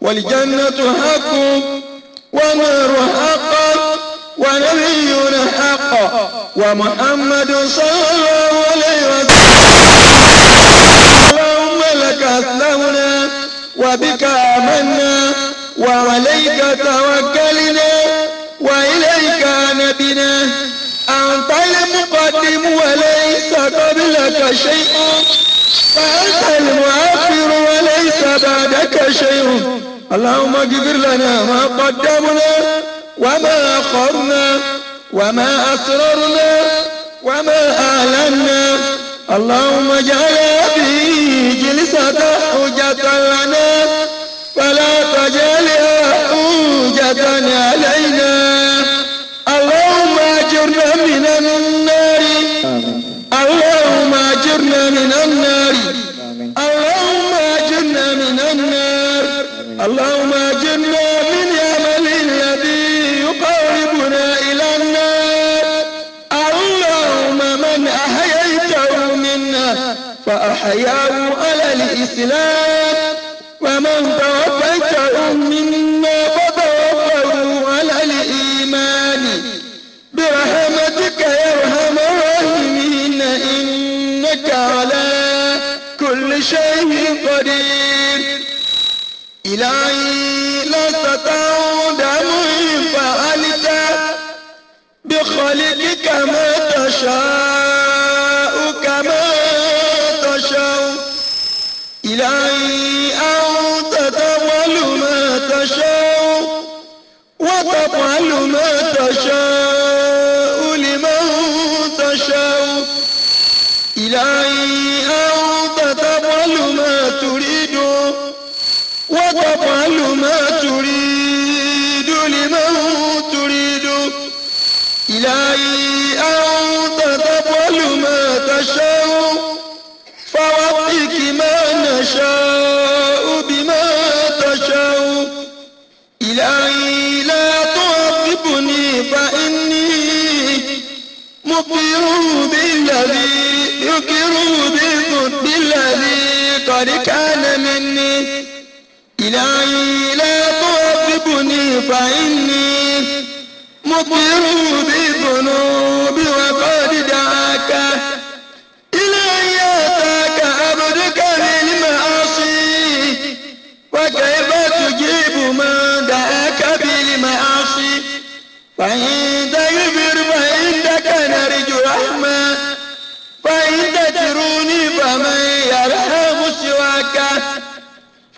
والجنة حق والنار حق ونبينا حق ومحمد صلى الله عليه وسلم اللهم لك أسلمنا وبك آمنا وعليك توكلنا وإليك نبنا أنت المقدم وليس قبلك شيء فأنت المؤخر ليس بعدك شيء اللهم اغفر لنا ما قدمنا وما أخرنا وما أسررنا وما أعلنا اللهم اجعل هذه جلسة حجة لنا فلا تجعلها حجة علينا اللهم اجرنا الإسلام ومن توفيته منا فتوفه على الإيمان برحمتك يا أرحم الراحمين إنك على كل شيء قدير إلهي لا تتعود مهم فعلت بخلقك ما تشاء وتفعل ما تشاء لمن تشاء إلهي أنت تفعل ما تريد أطيروا بالذي يكروا بالقد الذي قد كان مني إلهي لا تعذبني فإني مطير بالذنوب وقد دعاك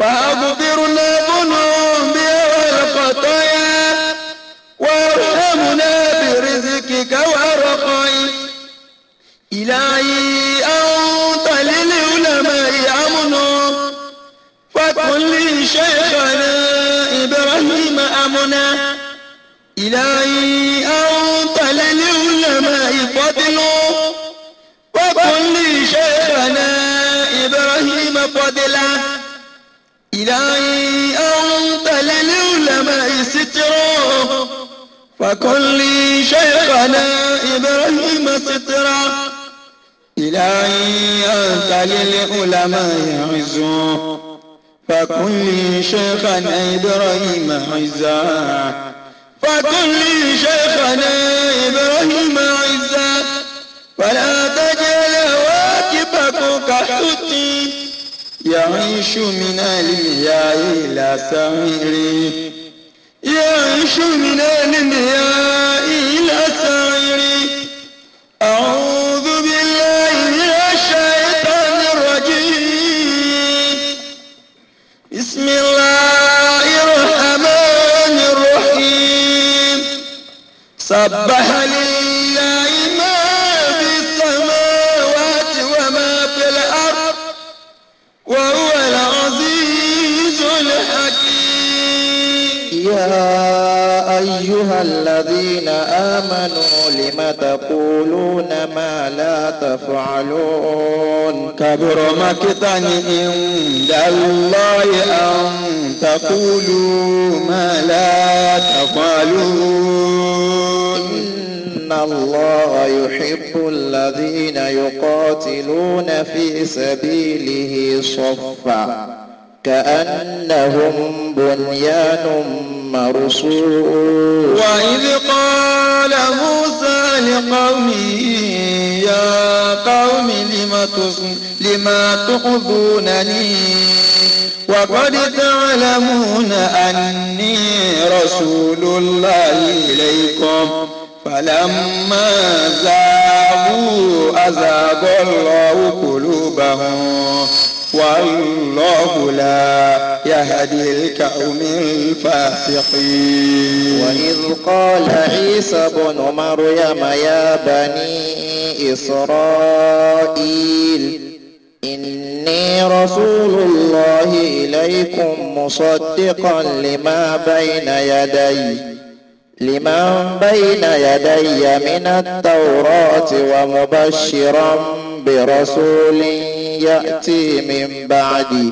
فأغفرنا ذنوبنا والخطايا وارحمنا برزقك ورقي إلهي أنت للعلماء أمن فكن لشيخنا إبراهيم أمنا إلهي أنت للعلماء فضل إلهي أنت للعلماء سترا فكل لي شيخنا إبراهيم سترا إلهي أنت للعلماء عزا فكل شيخنا إبراهيم عزا فكل شيخنا إبراهيم عزا فلا تجعل واكبك كحتي يعيش من المياه لا سعيري يعيش من المياه لا سعيري أعوذ تقولون ما لا تفعلون كبر مقتا عند الله أن تقولوا ما لا تفعلون إن الله يحب الذين يقاتلون في سبيله صفا كأنهم بنيان مرصوص وإذ قال قال موسى لقومه يا قوم لم لما تؤذونني وقد تعلمون أني رسول الله إليكم فلما زاغوا أزاغ الله قلوبهم والله لا يهدي الكوم الفاسقين وإذ قال عيسى بن مريم يا بني إسرائيل إني رسول الله إليكم مصدقا لما بين يدي لما بين يدي من التوراة ومبشرا برسول يأتي من بعدي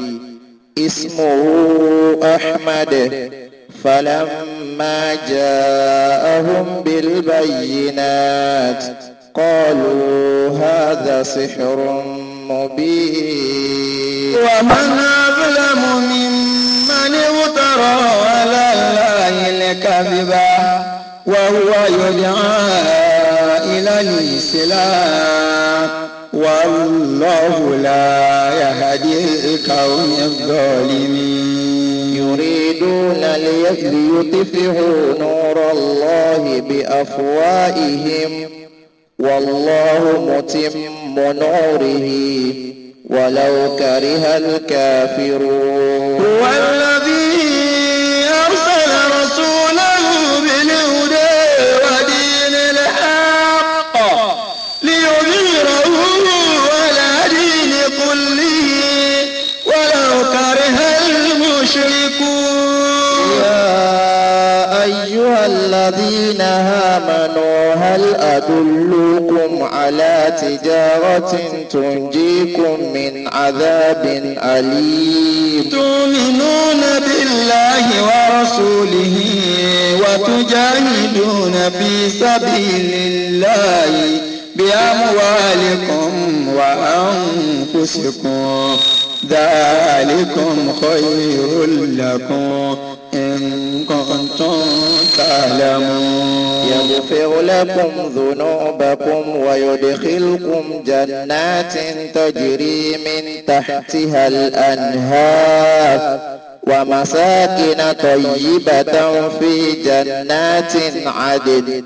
اسمه أحمد فلما جاءهم بالبينات قالوا هذا سحر مبين ومن أظلم ممن افترى على الله الكذبا وهو يدعى إلى الإسلام والله لا يهدي القوم الظالمين يريدون ليطفئوا نور الله بأفواههم والله متم نوره ولو كره الكافرون هو الذي الذين آمنوا هل أدلكم على تجارة تنجيكم من عذاب أليم تؤمنون بالله ورسوله وتجاهدون في سبيل الله بأموالكم وأنفسكم ذلكم خير لكم كنتم تعلمون يغفر لكم ذنوبكم ويدخلكم جنات تجري من تحتها الأنهار ومساكن طيبة في جنات عدن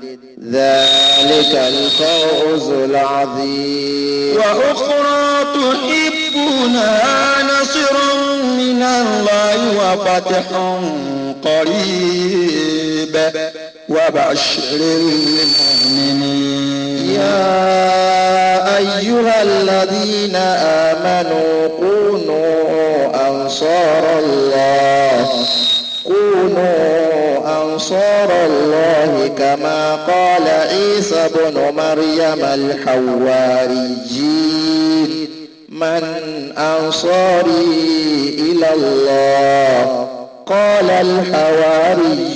ذلك الفوز العظيم وأخرى تحبونها نصر من الله وفتح قريب وبشر المؤمنين يا أيها الذين آمنوا كونوا أنصار الله كونوا أنصار الله كما قال عيسى بن مريم الحواريين من أنصاري إلى الله قال الحواريون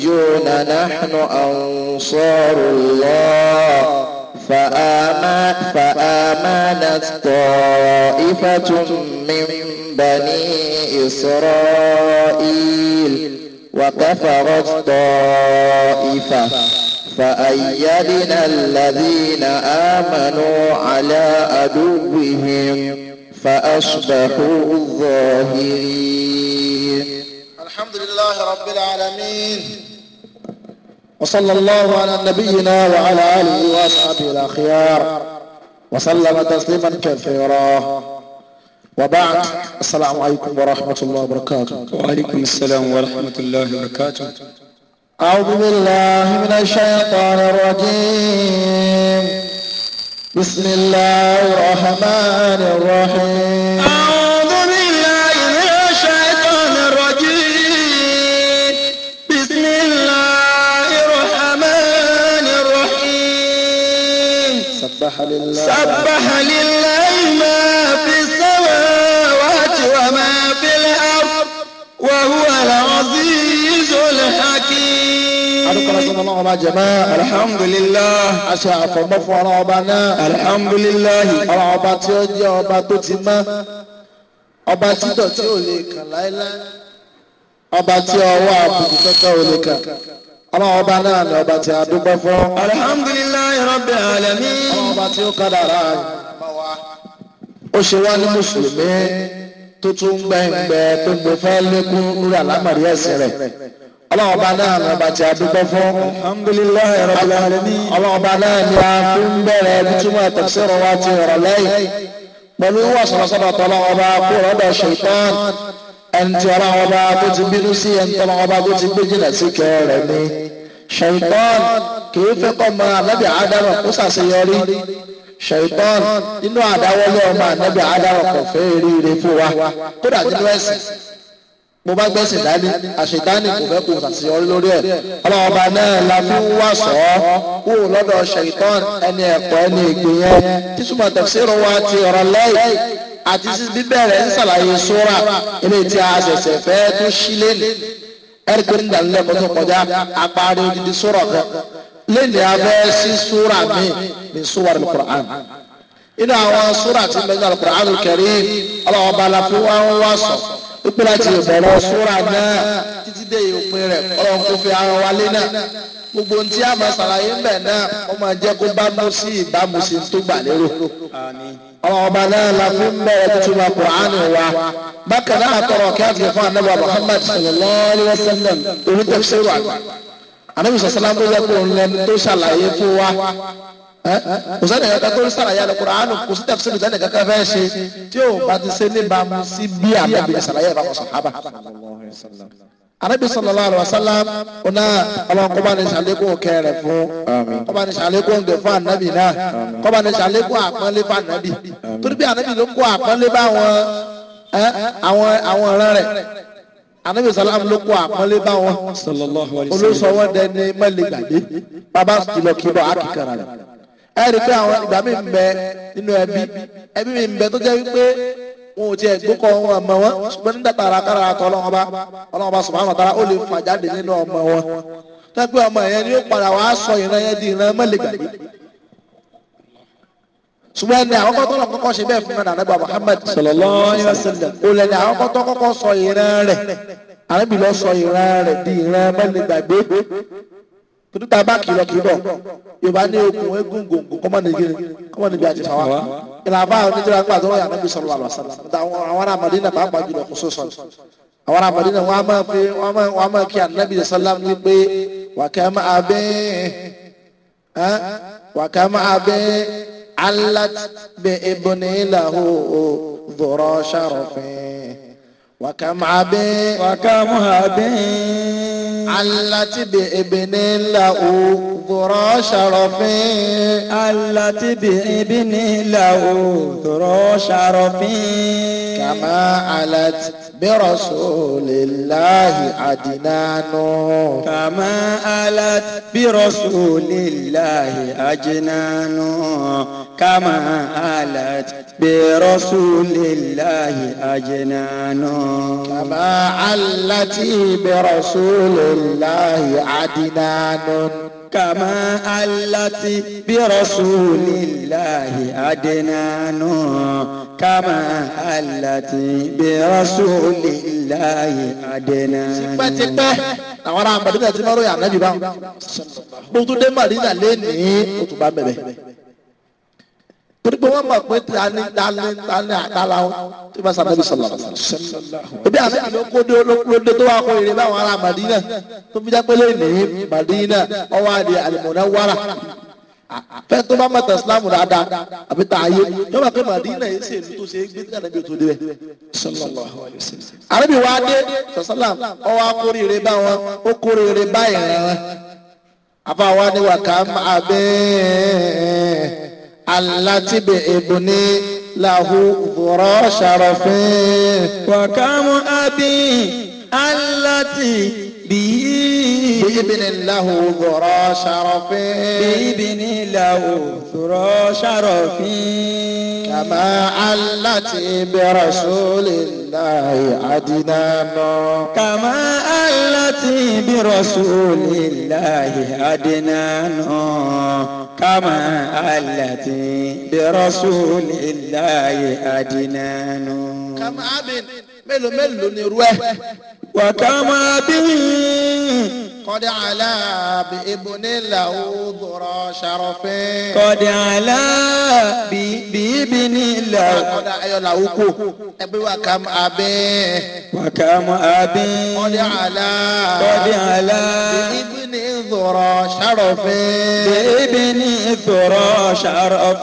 نحن أنصار الله فآمن فآمنت طائفة من بني إسرائيل وكفرت طائفة فأيدنا الذين آمنوا على عدوهم فأصبحوا ظاهرين الحمد لله رب العالمين وصلى الله على نبينا وعلى آله وأصحابه الأخيار وسلم تسليما كثيرا وبعد السلام عليكم ورحمة الله وبركاته وعليكم السلام ورحمة الله وبركاته أعوذ بالله من الشيطان الرجيم بسم الله الرحمن الرحيم سبح لله ما في السماوات وما في الأرض وهو العزيز الحكيم adúpẹ́lẹ́sọ́nà ọlọ́run ọba jẹ̀mọ́ alhamdulillah aṣa àfọ̀mọ́ fún ọlọ́run ọba náà alhamdulillah ọlọ́run ọba tí ó jẹ́ ọba tó ti mọ́ ọba títọ̀ tí ò lè kàn láéláé ọba tí ọwọ́ àbùkù kẹ́kẹ́ ò lè kàn ọlọ́run ọba náà ni ọba tí a dúpẹ́ fún. alhamdulilayi rabbi alamin. ọlọ́run ọba tí ó kádàrá ó ṣe wá ní mùsùlùmí tó tún gbẹ̀ngbẹ̀ tó gbé fẹ́ lékún lórí àlámọ̀rí ẹ̀sìn rẹ̀ ọlọ́run ọba náà ni ọba tí a dúpẹ́ fún. alhamdulilayi rabbi alamin. ọlọ́run náà ni a fi ń bẹ̀rẹ̀ bítúmọ̀ tafsir wa ti rọ̀ lẹ́yìn pẹ̀lú wàsàn sọ́dọ̀ tọ́lọ́run ọba kúrò lọ́dọ̀ ẹni tí ọlọ́run ọba tó ti bínú sí ẹni tí ọlọ́run ọba tó ti gbé jìnà sí kẹ rẹ̀ ni ṣèyítọ́n kìí fẹ́ kọ́ mọ anábì ádámù kó ṣàṣeyọrí ṣèyítọ́n nínú àdáwọlé ọmọ anábì ádámù kò fẹ́ eréere fún wa kódà nínú ẹ̀sìn mo bá gbẹ́sìn dání àṣetánì kò fẹ́ kó ṣàṣeyọrí lórí ẹ̀ ọlọ́run ọba náà la fi ń wá sọ ọ́ kó lọ́dọ̀ ṣèyítọ́n ẹni ẹ̀kọ́ ẹni ìgbìyàn títúmọ̀ tẹ̀síìrù wa ti ọ̀rọ̀ àti bíbẹ̀rẹ̀ ń ṣàlàyé sóra eléyìí tí a ṣẹ̀ṣẹ̀ fẹ́ tó ṣí lẹ́nu ẹ̀rí pé nígbà nílẹ̀ mọ́tò kọjá apárí odidi sóra kan lẹ́nu abẹ́ sí sóra mi ní sóra ní Qur'an inú àwọn sóra tí mẹ́ta ní Qur'an Karim ọlọ́wọ́ bá la fi wá ń wá sọ ìpè láti ìbẹ̀rẹ̀ sóra náà títí dé ìpín rẹ̀ ọlọ́run kò fi ara wa lé náà gbogbo ohun a máa ṣàlàyé ń bẹ̀ náà ó máa jẹ́ kó bá mú sí ìbámu sí tó gbà lérò ọba náà la fi ń bẹ̀rẹ̀ tuntun kùránì wa bákan náà tọrọ káàkiri fún anábà muhammad sallallahu alayhi wa sallam orí tafsir wa anábì sallam tó yẹ kó ń lẹ́nu tó ṣàlàyé fún wa kò sẹ́ni kankan tó ṣàlàyé àlọ́ kùránì kò sí tafsir sẹ́ni kankan fẹ́ ṣe tí yóò bá ti ṣe níbàámu sí bí anábì ṣàlàyé ìbámu sọ̀hábà anabi sallallahu alaihi Sallam. Una ọlọ́run kọba ni sàlékún kẹrẹ fún kọba ni sàlékún gẹ fún anabi náà kọba ni sàlékún àpọ́nlé fún anabi torí bí anabi ló kó àpọ́nlé bá àwọn àwọn àwọn ọ̀ràn rẹ̀ anabi sallam ló kó àpọ́nlé bá wọn olóṣọwọ́ dẹni mọ́lẹ́gbàdé bàbá kìlọ̀ kìlọ̀ àkìkàrà rẹ̀ ẹ rí pé àwọn ìgbà mi ń bẹ nínú ẹbí ẹbí mi ń bẹ tó jẹ́ wípé wọn ò tiẹ̀ gbókọ̀ wọn ọmọ wọn ṣùgbọ́n nígbà tààrà kára àtọ̀ ọlọ́wọ́n bá ọlọ́wọ́n bá subhanahu wa ta'ala ó lè fà jáde nínú ọmọ wọn tẹ́gbẹ́ ọmọ yẹn ni ó padà wá sọ ìran yẹn di ìran mẹ́lẹ̀ gbàgbé ṣùgbọ́n ẹni àkọ́kọ́ tó lọ kọ́kọ́ ṣe bẹ́ẹ̀ fún mi nàdàgbà Muhammad sallallahu alaihi wasallam olùlẹ̀ni àkọ́kọ́ tó kọ́kọ́ sọ ìran rẹ̀ àrẹ́bí lọ sọ ìran rẹ̀ di ìran torí tá a bá kìlọ̀ kìlọ̀ yorùbá ní okùn egun gòngò kọ́mọ́ nìgiri kọ́mọ́ níbi àti fàwa ìlànà àwọn oníjìlá ń gbàdúrà yàrá bí sọ̀rọ̀ àlọ́ sọ̀rọ̀ àwọn ará Mádínà pàápàá jùlọ kò sọ̀sọ̀ àwọn ará Mádínà wọn a máa fi wọn a máa kí ànábì sọ́lá ní pé wàkẹ́ máa bẹ́ wàkẹ́ máa bẹ́ alat bẹ́ ebonyi làwọn ò dọ̀rọ̀ sàrọ̀fin. وكم عبد وكم عبد علت بابن له ذرى شرفي علت بابن له ذرى شرفي كما علت birasulillahi adinanu. kàmá alat birasulillahi ajinanu. kàmá alat birasulillahi ajinanu. kàmá alati birasulillahi adinanu kàmá aláti bí rasulillahi adinanu kàmá aláti bí rasulillahi adinanu. tipẹ́tipẹ́ àwọn ará ti máa ń ròyìn ànábì báwọn gbogbo dé Madina lé ní òtún bá bẹ̀rẹ̀ torí pé wọ́n mọ̀ pé tani tani tani àtàlà wọn tó bá sàbẹ̀lì sọ̀lọ̀ ebi àlejò ló kó dé ló dé tó wà kó èrè báwọn ará Madina tó fi jápélé ní Madina ọwọ́ àdé àlùmọ̀nà wàrà fẹ́ẹ́ tó bá mọ̀tà Islam dáadáa àbí tá a yé yọ̀wọ̀ pé Madina yìí ṣe èlú tó ṣe é gbé tí ànábì tó débẹ̀. àrẹ́bí wa dé sọ̀sálàm ọwọ́ akórèrè báwọn ó kórèrè báyìí rẹ̀ wọn àbáwa ni wà ká alátìbẹ̀ ègbò ní làhù bọ̀rọ̀ ṣàròfin. wàkàmù àbí alátìbí. بابن له ذرى شرف بابن له ذرى شرف كما علت برسول الله عدنان كما علت برسول الله عدنان كما علت برسول الله عدنان كم عبد ملو ملو نروه وكما به قد علا بابن له ذرى شرف قد علا بابن له قد علا له ابي وكم ابي وكم ابي قد علا قد علا بابن ذرى شرف بابن ذرى شرف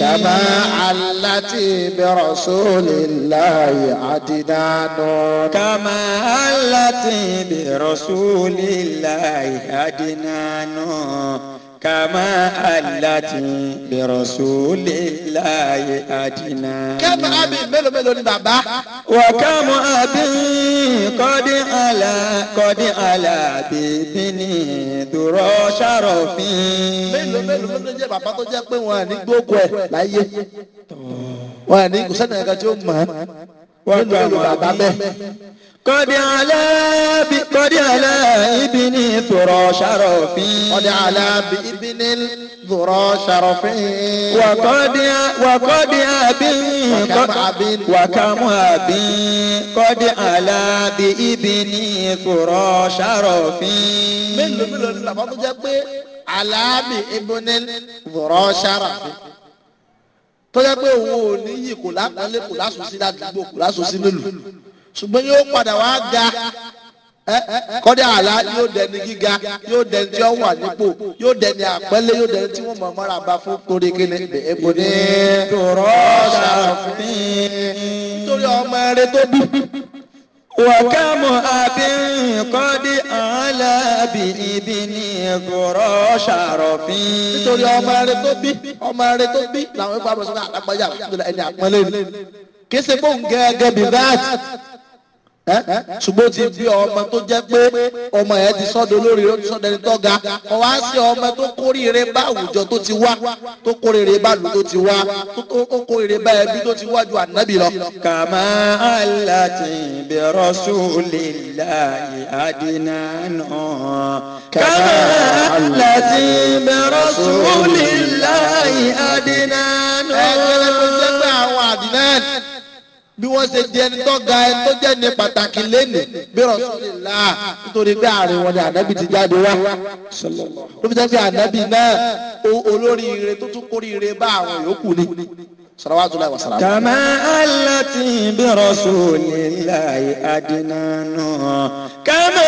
كما علت برسول الله عدنان كما علت برسول billahi adinanu kama alati bi rasulillahi adinanu. kẹ́mi abi mélòó mélòó ni bàbá. wà kàmú abi kọ́dí àlà kọ́dí àlà bèbí ni dùrọ̀ sàròfin. mélòó mélòó mélòó jẹ́ bàbá tó jẹ́ pé wọn à ní gbógun ẹ̀ láyé wọn à ní kùsẹ́nìyàn kan tí ó mọ̀ ẹ́ mélòó mélòó bàbá bẹ́ẹ̀. قد على قد على ابن ذرى شرفي قد على بابن ذرى شرفي وقد وقد أبي وكم أبي قد على بابن ذرى شرفي من من على بابن ذرى شرفي tó yẹ pé òun ò ní yìí kò lápọ̀lé kò lásùn sí ládùúgbò kò lásùn sí nílùú ṣùgbọ́n yóò padà wá ga kọ́dà àlá yóò dẹni gíga yóò dẹni tí ó wà nípò yóò dẹni àpẹ́lé yóò dẹni tí wọ́n mọ̀ mọ́ra bá fún torí kíni èbò ní. tòrọ ṣàfihàn. nítorí ọmọ eré tó bí. wàkàmù àbínkọ́dí àlábì ibi ní tòrọ ṣàròfin. nítorí ọmọ eré tó bí ọmọ eré tó bí làwọn ìpamọ́sọ́ náà àlágbájá ẹni àpẹ́lé kí ṣe fóun gẹ́gẹ́ bí báàtì ṣùgbọ́n ti bí ọmọ tó jẹ́ pé ọmọ yẹn ti sọ́dọ̀ olórí ó ti sọ́dọ̀ ẹni tó ga ó wá sí ọmọ tó kórìíre bá àwùjọ tó ti wá tó kórìíre bá ìlú tó ti wá tó kórìíre bá ẹbí tó ti wá ànábì lọ. kàmá aláti bi rasulillahi adinana. kàmá aláti bi rasulillahi adinana. ẹgbẹ́ tó jẹ́ pé àwọn àdínẹ́ẹ̀tì bí wọ́n ṣe di ẹni tó ga ẹni tó jẹ́ ní pàtàkì lẹ́nu bí Rasulullah nítorí pé àárín wọn ni ànábì ti jáde wá ló fi jẹ́ pé ànábì náà olórí ire tó tún kórè ire bá àwọn yòókù ni salawatullahi wa salam. kàmá alati bí Rasulillahi adinanu kàmá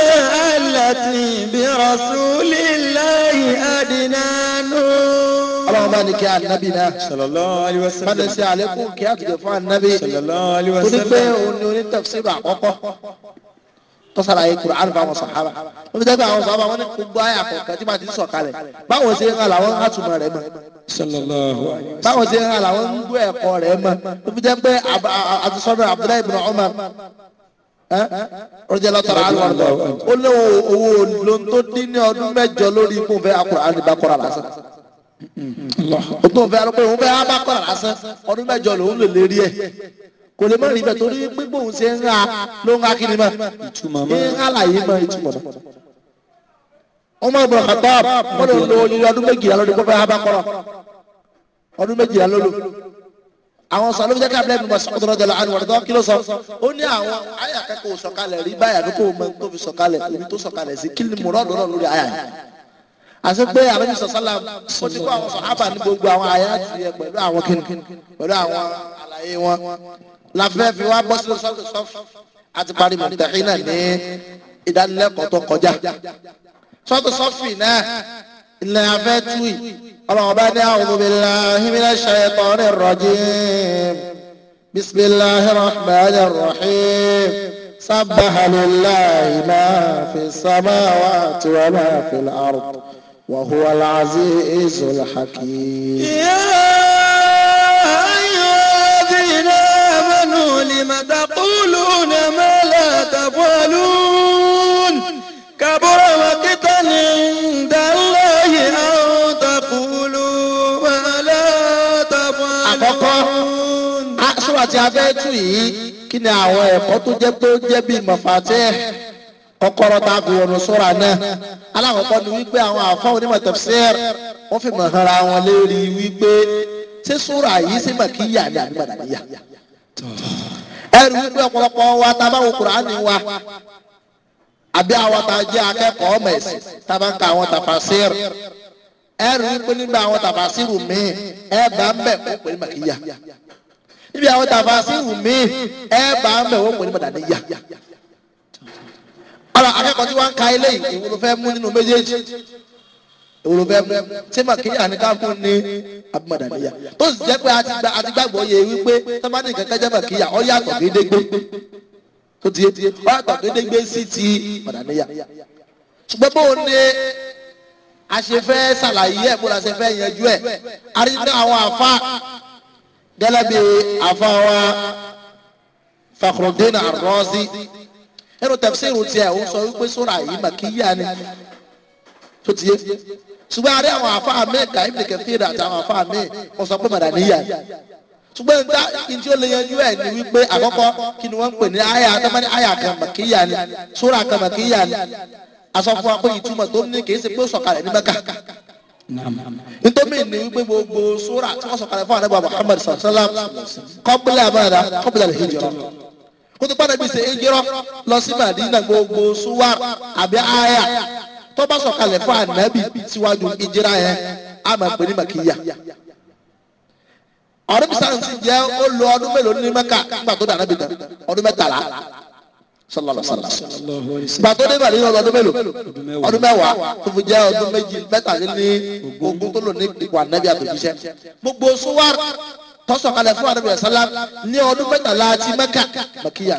alati bí Rasulillahi ọlọ́run bá ní kí ànábì náà má lè ṣe àlékún kí àtúntò fún ànábì tó ní pé òun ni onítafsírì àkọ́kọ́ tó ṣàlàyé Kùránì fáwọn sàhábà ó fi jẹ́ pé àwọn sàhábà wọn ní gbogbo àyà kọ̀ọ̀kan tí màá ti sọ̀kalẹ̀ báwọn ṣe ń hàn làwọn ń hàtúmọ̀ rẹ̀ mọ̀ báwọn ṣe ń hàn làwọn ń gbọ́ ẹ̀kọ́ rẹ̀ mọ̀ ó fi jẹ́ pé àtisọ́dọ̀ Abdullahi ibn Umar rọjàlá tara àwọn ọ̀dọ́ ó léwu owó lóńtó dín ní ọdún mẹ́jọ lórí ikú fẹ́ Kùránì bá kọ́ra lásán o tó fẹ́ pé òun fẹ́ abakọ̀rọ̀ lásán ọdún mẹ́jọ lòun lè lérí ẹ̀ kò lè má rí bẹ́ẹ̀ torí pípọ̀ òun ṣe ń ra ló ń ra kí ni mọ́ ìtumọ̀ mọ́ ń hàlàyé mọ́ ìtumọ̀ mọ́. ọmọ ìbọn kàtọ́ wọ́n lè lo oyinye ọdún méjìlá lórí kó fẹ́ abakọ̀rọ̀ ọdún méjìlá lólo àwọn sọ lóbi jẹ́ká abúlé mímọ sọ́kòtò lọ́jọ́ láàánú wọ́n tó kí ló sọ ó ní àwọn àyà kẹ́kọ̀ọ́ sọ̀kalẹ̀ rí báyà ló kó o mọ tó sọ̀kalẹ̀ ibi tó sọ̀kalẹ̀ sí kí ni mo rọ́ọ̀dọ́ lórí àyà yìí àti pé àrẹ́bí sọ̀sọ́là mo ti kó àwọn sọ̀hábà ní gbogbo àwọn àyà ti yẹ pẹ̀lú àwọn kìnnì pẹ̀lú àwọn àlàyé wọn láfẹ́ fi wá bọ́ sí sọ́ọ̀tù sọ́ọ̀fù àti parí mọ̀tẹ́kì náà ní ìdánilẹ́kọ̀ọ́ tó kọjá sọ́ọ̀tù sọ́ọ̀fù náà ilẹ̀ afẹ́ tuyi ọlọ́run bá ní a'udhu billahi minash shaytanir rajim bismillahir rahmanir rahim. سبح لله ما في السماوات وما في الأرض وهو العزيز الحكيم يا أيها الذين آمنوا لم تقولون ما لا تفعلون كبر مقتا عند الله أن تقولوا ما لا تفعلون. àkọ́kọ́ sọ́wọ́ àti abẹ́tù yìí kí ni kọ́kọ́rọ́ tá a kò wọnú sóra náà alákọ̀ọ́kọ́ ni wípé àwọn àfáà onímọ̀ tafsir wọ́n fi mọ̀ hànra wọn lérí wípé ṣé sóra yìí ṣe mọ̀ kí yà ní àbí màdàníyà. ẹrù wípé ọ̀pọ̀lọpọ̀ wa tá a bá wo kùránì wa àbí àwọn tá a jẹ́ akẹ́kọ̀ọ́ mẹ̀sì tá a bá ń ka àwọn tafasir ẹrù wípé nígbà àwọn tafasir mi ẹ bá ń bẹ̀ ó pè ní màkìyà níbi àwọn tafasir mi ẹ bá ń bẹ̀ ó pè ní màdàníyà ara akẹ́kọ̀ọ́ tí wọ́n ń ka eléyìí èwo ló fẹ́ mú nínú méjèèjì èwo fẹ́ mú ṣé màkìyà ni ká fún ní abúmọ̀dàníyà tó sì jẹ́ pé àti gbàgbọ́ yẹ wípé sábàdì kẹ́kẹ́ jẹ́ màkìyà ó yàtọ̀ gédégbé tó ti ó yàtọ̀ gédégbé sí ti mọ̀dàníyà ṣùgbọ́n bó o ní a ṣe fẹ́ ṣàlàyé ẹ̀ bó la ṣe fẹ́ yanjú ẹ̀ a rí àwọn àfa gẹ́lẹ́ bí àfa wa Fakhruddin Ar-Razi ẹnu tẹ̀síìrù tiẹ̀ ó sọ wípé sóra yìí mà kí yíyá ni tó ti yé ṣùgbọ́n àárẹ̀ àwọn àfáà mi kà ibi kẹfìrì àti àwọn àfáà mi wọ́n sọ pé màdà níyà ṣùgbọ́n nta ntí ó lè yanjú ẹ̀ ni wípé àkọ́kọ́ kí ni wọ́n ń pè ní àyà àtọ́mọ́ni àyà kan mà kí yíyá ni sóra kan mà kí yíyá ni asọ́fún akó ìtumọ̀ tó ní kì í ṣe pé ó sọ̀kalẹ̀ ní Mẹ́kà ntomi ni wípé gbogbo sóra tí wọ́n sọ̀kalẹ̀ fún àdébà Muhammad sallallahu alaihi wasallam kọ́bílẹ̀ àbáradà kótó padà bí ṣe éjọrọ lọ sí Madina gbogbo suwar àbí aya tó bá sọ̀kalẹ̀ fún anabi síwájú ìjírá yẹn a máa pè ní makiya ọdún bisaani ti jẹ ó lo ọdún mélòó ní Mẹ́kà nígbà tó dànù bìtẹ ọdún mẹ́tàlá sọlọlọ sọlọ gbà tó dé Madina ọdún mélòó ọdún mẹ́wàá tó fi jẹ ọdún méjì mẹ́tàlélógún tó lò ní ipò anabi àtòjíṣẹ́ gbogbo suwar tọ́sọ̀kalẹ̀ fún àdàbẹ̀ ẹ̀sálá ní ọdún mẹ́tàlá àti mẹ́kà mẹ́kìyà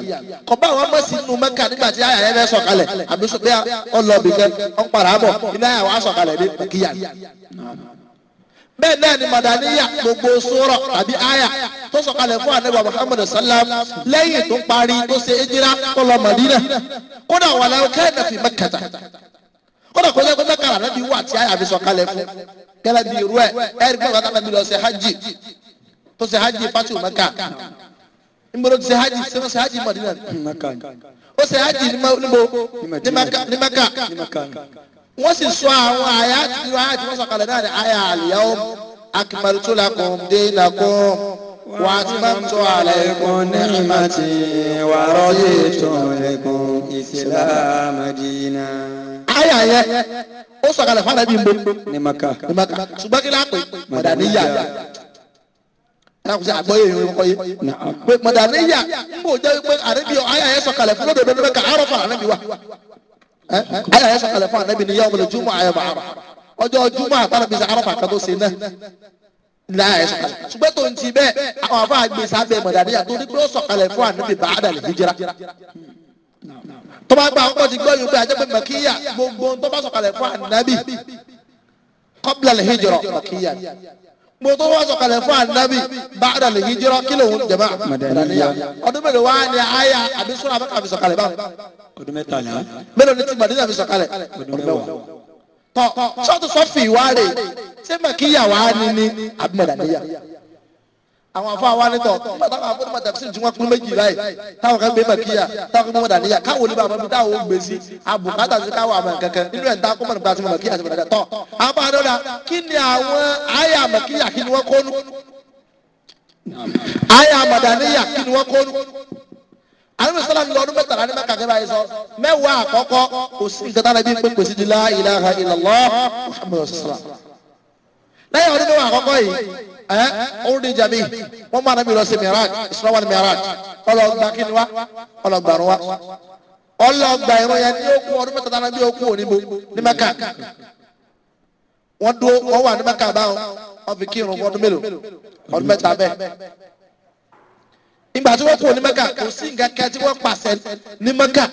kọ̀bá àwọn ọmọ sí inú mẹ́kà nígbà tí àyà yẹn fẹ́ sọ̀kalẹ̀ àbí bẹ́ẹ̀ ọlọ́ọ̀bì kẹ́ ọ̀npàrà àbọ̀ iná àyà wà sọ̀kalẹ̀ ní mẹ́kìyà. bẹ́ẹ̀ náà ni madaniya gbogbo sọ̀rọ̀ tàbí àyà tọ́sọ̀kalẹ̀ fún àdàbẹ̀ muhammadu sallam lẹ́yìn tó parí tó ṣe ejira kọlọ madina kódà wàlẹ́ kẹ́ẹ̀dẹ̀ fi mẹ́kẹ̀ta kódà kó sẹ́kó sẹ́kàrà náà bí wà tí àyà fi sọ̀kalẹ̀ fún kẹ́lẹ́ bí irú ẹ̀ ẹ̀rí tó ṣe hajj pati Mẹ́kà nbọdọ ṣe hajj ṣe ṣe hajj Madina ó ṣe hajj níbo ní Mẹ́kà wọ́n sì sọ àwọn àyà tí wọ́n àyà tí wọ́n sọ kalẹ̀ náà ní àyà àlìyáwó akmaltu lakum dinakum wa atmamtu alaykum ni'mati wa raditu lakum islam dina. àyà yẹ ó sọ kalẹ̀ fún Ànábì nbọ Ni Mẹ́kà ṣùgbọ́n kí ló á pè mọ̀dà níyà ẹnakunṣe àgbọyé yìí kọ yé pé mọdàníyà ń bò jẹ pé àrẹbí ayà yẹn sọ̀kalẹ̀ fún lọdọ lọdọ ká àrọ fún ànábi wa ayà yẹn sọ̀kalẹ̀ fún ànábi ni yẹ ọmọdé júmọ ayọ bá àrọ ọjọ́ júmọ àtàlẹbi sẹ àrọ fún àkàtó sí náà ní ayà yẹn sọ̀kalẹ̀ ṣùgbọ́n tó ń ti bẹ́ẹ̀ àwọn afọ àgbèsè abẹ́ mọdàníyà tó ní pé ó sọ̀kalẹ̀ fún ànábi bá àdàlẹ̀ hijira tọ́ba gba ọkọ̀ ti gbọ́ yìí pé ajẹ́pẹ́ mẹ́kíyà gbogbo tọ́ba sọ̀kalẹ̀ fún ànábì kọ́bílẹ̀ hijira mẹ́kíyà mo tó wá sọ̀kalẹ̀ fún anabi báàdà lè hijira kí lòun jẹba madaniya ọdún mélòó wá ní aya àbí sọ̀rọ̀ àbí kàfi sọ̀kalẹ̀ báwọn. ọdún mẹ́tàlá. mélòó ni ti madaniya fi sọ̀kalẹ̀ ọdún mẹ́wàá. tọ sọ́ọ̀tù sọ́ọ̀fì wá rè é sẹ́mẹ̀kíyà wá ní ní àbí madaniya àwọn afọ àwa nítọ nígbà táwọn afọ nígbà tẹ̀sí ju wọn pín méjì láì táwọn kan gbé màkìyà táwọn kan gbé mọ̀dàníyà káwọn olùbà àmọ́ bí táwọn gbé sí àbùkátà sí káwọn àmọ́ kankan nínú ẹ̀ ń ta kọ́mọ̀ nípa àti màkìyà àti mọ̀dàníyà tọ́ àbá àdọ́dà kí ni àwọn àyà màkìyà kí ni wọ́n kọ́nu àyà mọ̀dàníyà kí ni wọ́n kọ́nu àwọn sọláàmù lọ ọdún mẹ́tàlá ní mẹ́kà kẹfà yìí sọ mẹ́wàá àkọ́kọ́ lẹ́yìn ọdún mẹ́wàá àkọ́kọ́ yìí ẹ ọ̀rùndín jàbí wọ́n mú anabi lọ sí miraj ìsúnáwá ni miraj ọlọ́gba kí ni wá ọlọ́gba rún wá ọlọ́gba irun ni ní okun ọdún mẹ́ta tánà bí okun òníbo ní mẹ́ka wọ́n dúró wọ́n wà ní mẹ́ka báwọn wọ́n fi kí irun ọdún mélòó ọdún mẹ́ta bẹ́ẹ̀ ìgbà tí wọ́n kú ní mẹ́ka kò sí nǹkan kẹ́ tí wọ́n pàṣẹ ní mẹ́ka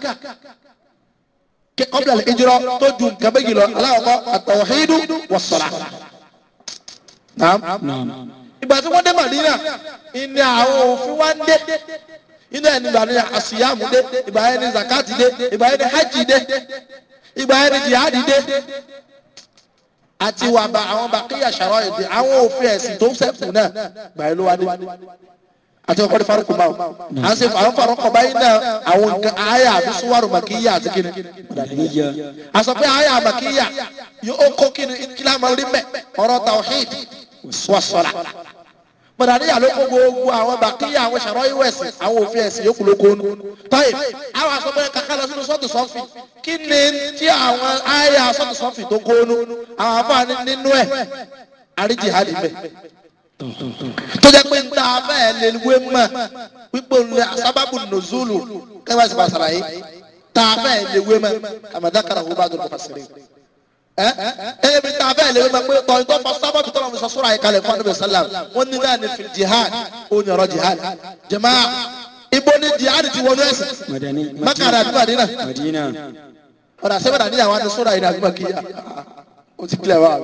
kí ọ́bìlẹ̀ ìjírọ̀ tó ju nǹkan méjì lọ aláwọ̀ kọ́ àtọ̀wọ̀ hídú wọ̀ sọ̀rọ̀ ìgbà tí wọ́n dé Madina ìní àwọn òfin wá ń dé inú ẹni ìgbà ni àṣìyàmù dé ìgbà yẹn ni zakati dé ìgbà yẹn ni hajj dé ìgbà yẹn ni jihadi dé àti wàbà àwọn bàkíyà ṣàrọ̀ èdè àwọn òfin ẹ̀sìn tó ń sẹ́kù náà gbà yẹn ló wá dé àti ọkọ ní farukù máa à ń ṣe àwọn farukù báyìí náà àwọn nǹkan àyà àbí suwaru màkìyà àti kìnnì. a sọ pé àyà màkìyà yóò kó kìnnì kílá máa rí mẹ ọ̀rọ̀ tawhid wà sọ̀la. Mọ̀dàníyà ló kó gbogbo àwọn bàkìyà àwọn sàrọ̀ ìwé ẹ̀sìn àwọn òfin ẹ̀sìn yòókù ló kó nu. Táyì àwọn àsọpẹ́ kàkà lọ sínú sọ́ọ̀tù sọ́ọ̀fì. Kí ni tí àwọn àyà sọ́ọ̀tù sọ́ọ̀fì tó kó nu? Àwọn afáàní nínú ẹ̀ àríjì hàlì bẹ̀ tó jẹ́ pé nta bẹ́ẹ̀ lè wé mọ̀ wípé olùlẹ̀ sábàbù nùzúlù kẹ́wàá sì bá sàlàyé ta bẹ́ẹ̀ lè wé mọ̀ àmàdákàrà wo bá dọ̀dọ̀ fàṣẹ rẹ̀ ẹ ẹ bi ta bẹ́ẹ̀ lè wé mọ̀ pé tọ̀yìntàn fa sábàbù tọ́lọ̀ mi sọ́sọ́rọ̀ àyè kalẹ̀ fún àdébẹ̀ sálàm wọ́n ní náà ní fi jihad ó ní jihad jama ibo ni jihad ti wọnú ẹ̀sìn makara àdúgbò àdínà ọ̀rọ̀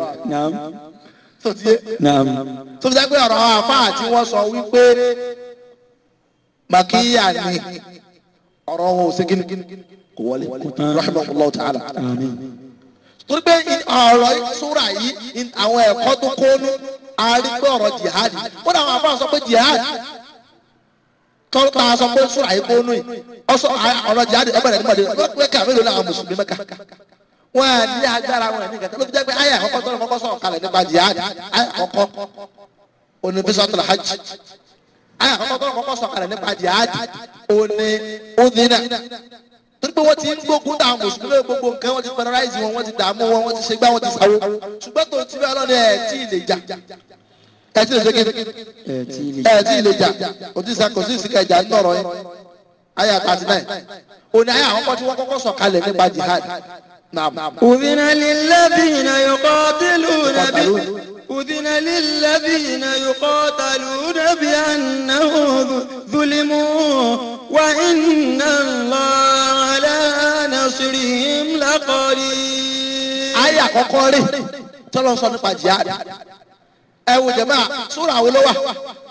àṣẹ tó ti yé tó fi dágbé ọ̀rọ̀ àfa àti wọ́n sọ wípé màkìyà ni ọ̀rọ̀ wọn ò ségin kò wọlé rahimahullahu ta'ala torí pé ọ̀rọ̀ sura yìí àwọn ẹ̀kọ́ tó kónú arígbé ọ̀rọ̀ jihad kódà àwọn àfa sọ pé jihad tọ́lọ́pàá aṣọ pé sura yìí kónú yìí ọ̀rọ̀ jihad ẹgbẹ̀rẹ̀ nígbàdé mẹ́kà mélòó ní àwọn mùsùlùmí mẹ́kà wọn à ní agbára wọn ní kẹtẹ lóbi jẹ pé ayé àkọ́kọ́ tó lọ kọ́kọ́ sọ̀rọ̀ kalẹ̀ nípa jihad ayé àkọ́kọ́ onibisọtò hajj ayé àkọ́kọ́ tó lọ kọ́kọ́ sọ̀rọ̀ kalẹ̀ nípa jihad oni odina torípé wọ́n ti ń gbógun dà mùsùlùmí gbogbo nǹkan wọ́n ti fẹ́rẹ́ráìsì wọn wọ́n ti dààmú wọn wọ́n ti ṣègbà wọn ti sàwó ṣùgbọ́n tó ti bẹ́ẹ̀ lọ́nà ẹ̀ tí ì lè jà ẹ̀ tí ì lè ṣe kéde ẹ̀ tí ì lè jà kò tí ì sàkóso sí ìsìnkà ìjà ńlọrọ yẹn ayé àtàtì náà òní ayé àwọn kọ́ tí wọ́n kọ́kọ́ أذن للذين يقاتلون أذن للذين يقاتلون بأنه ظلموا وإن الله على نصرهم لقدير آية كوكوري تلو صنفا جهاد ẹwù jẹmọ sóra àwọn olówà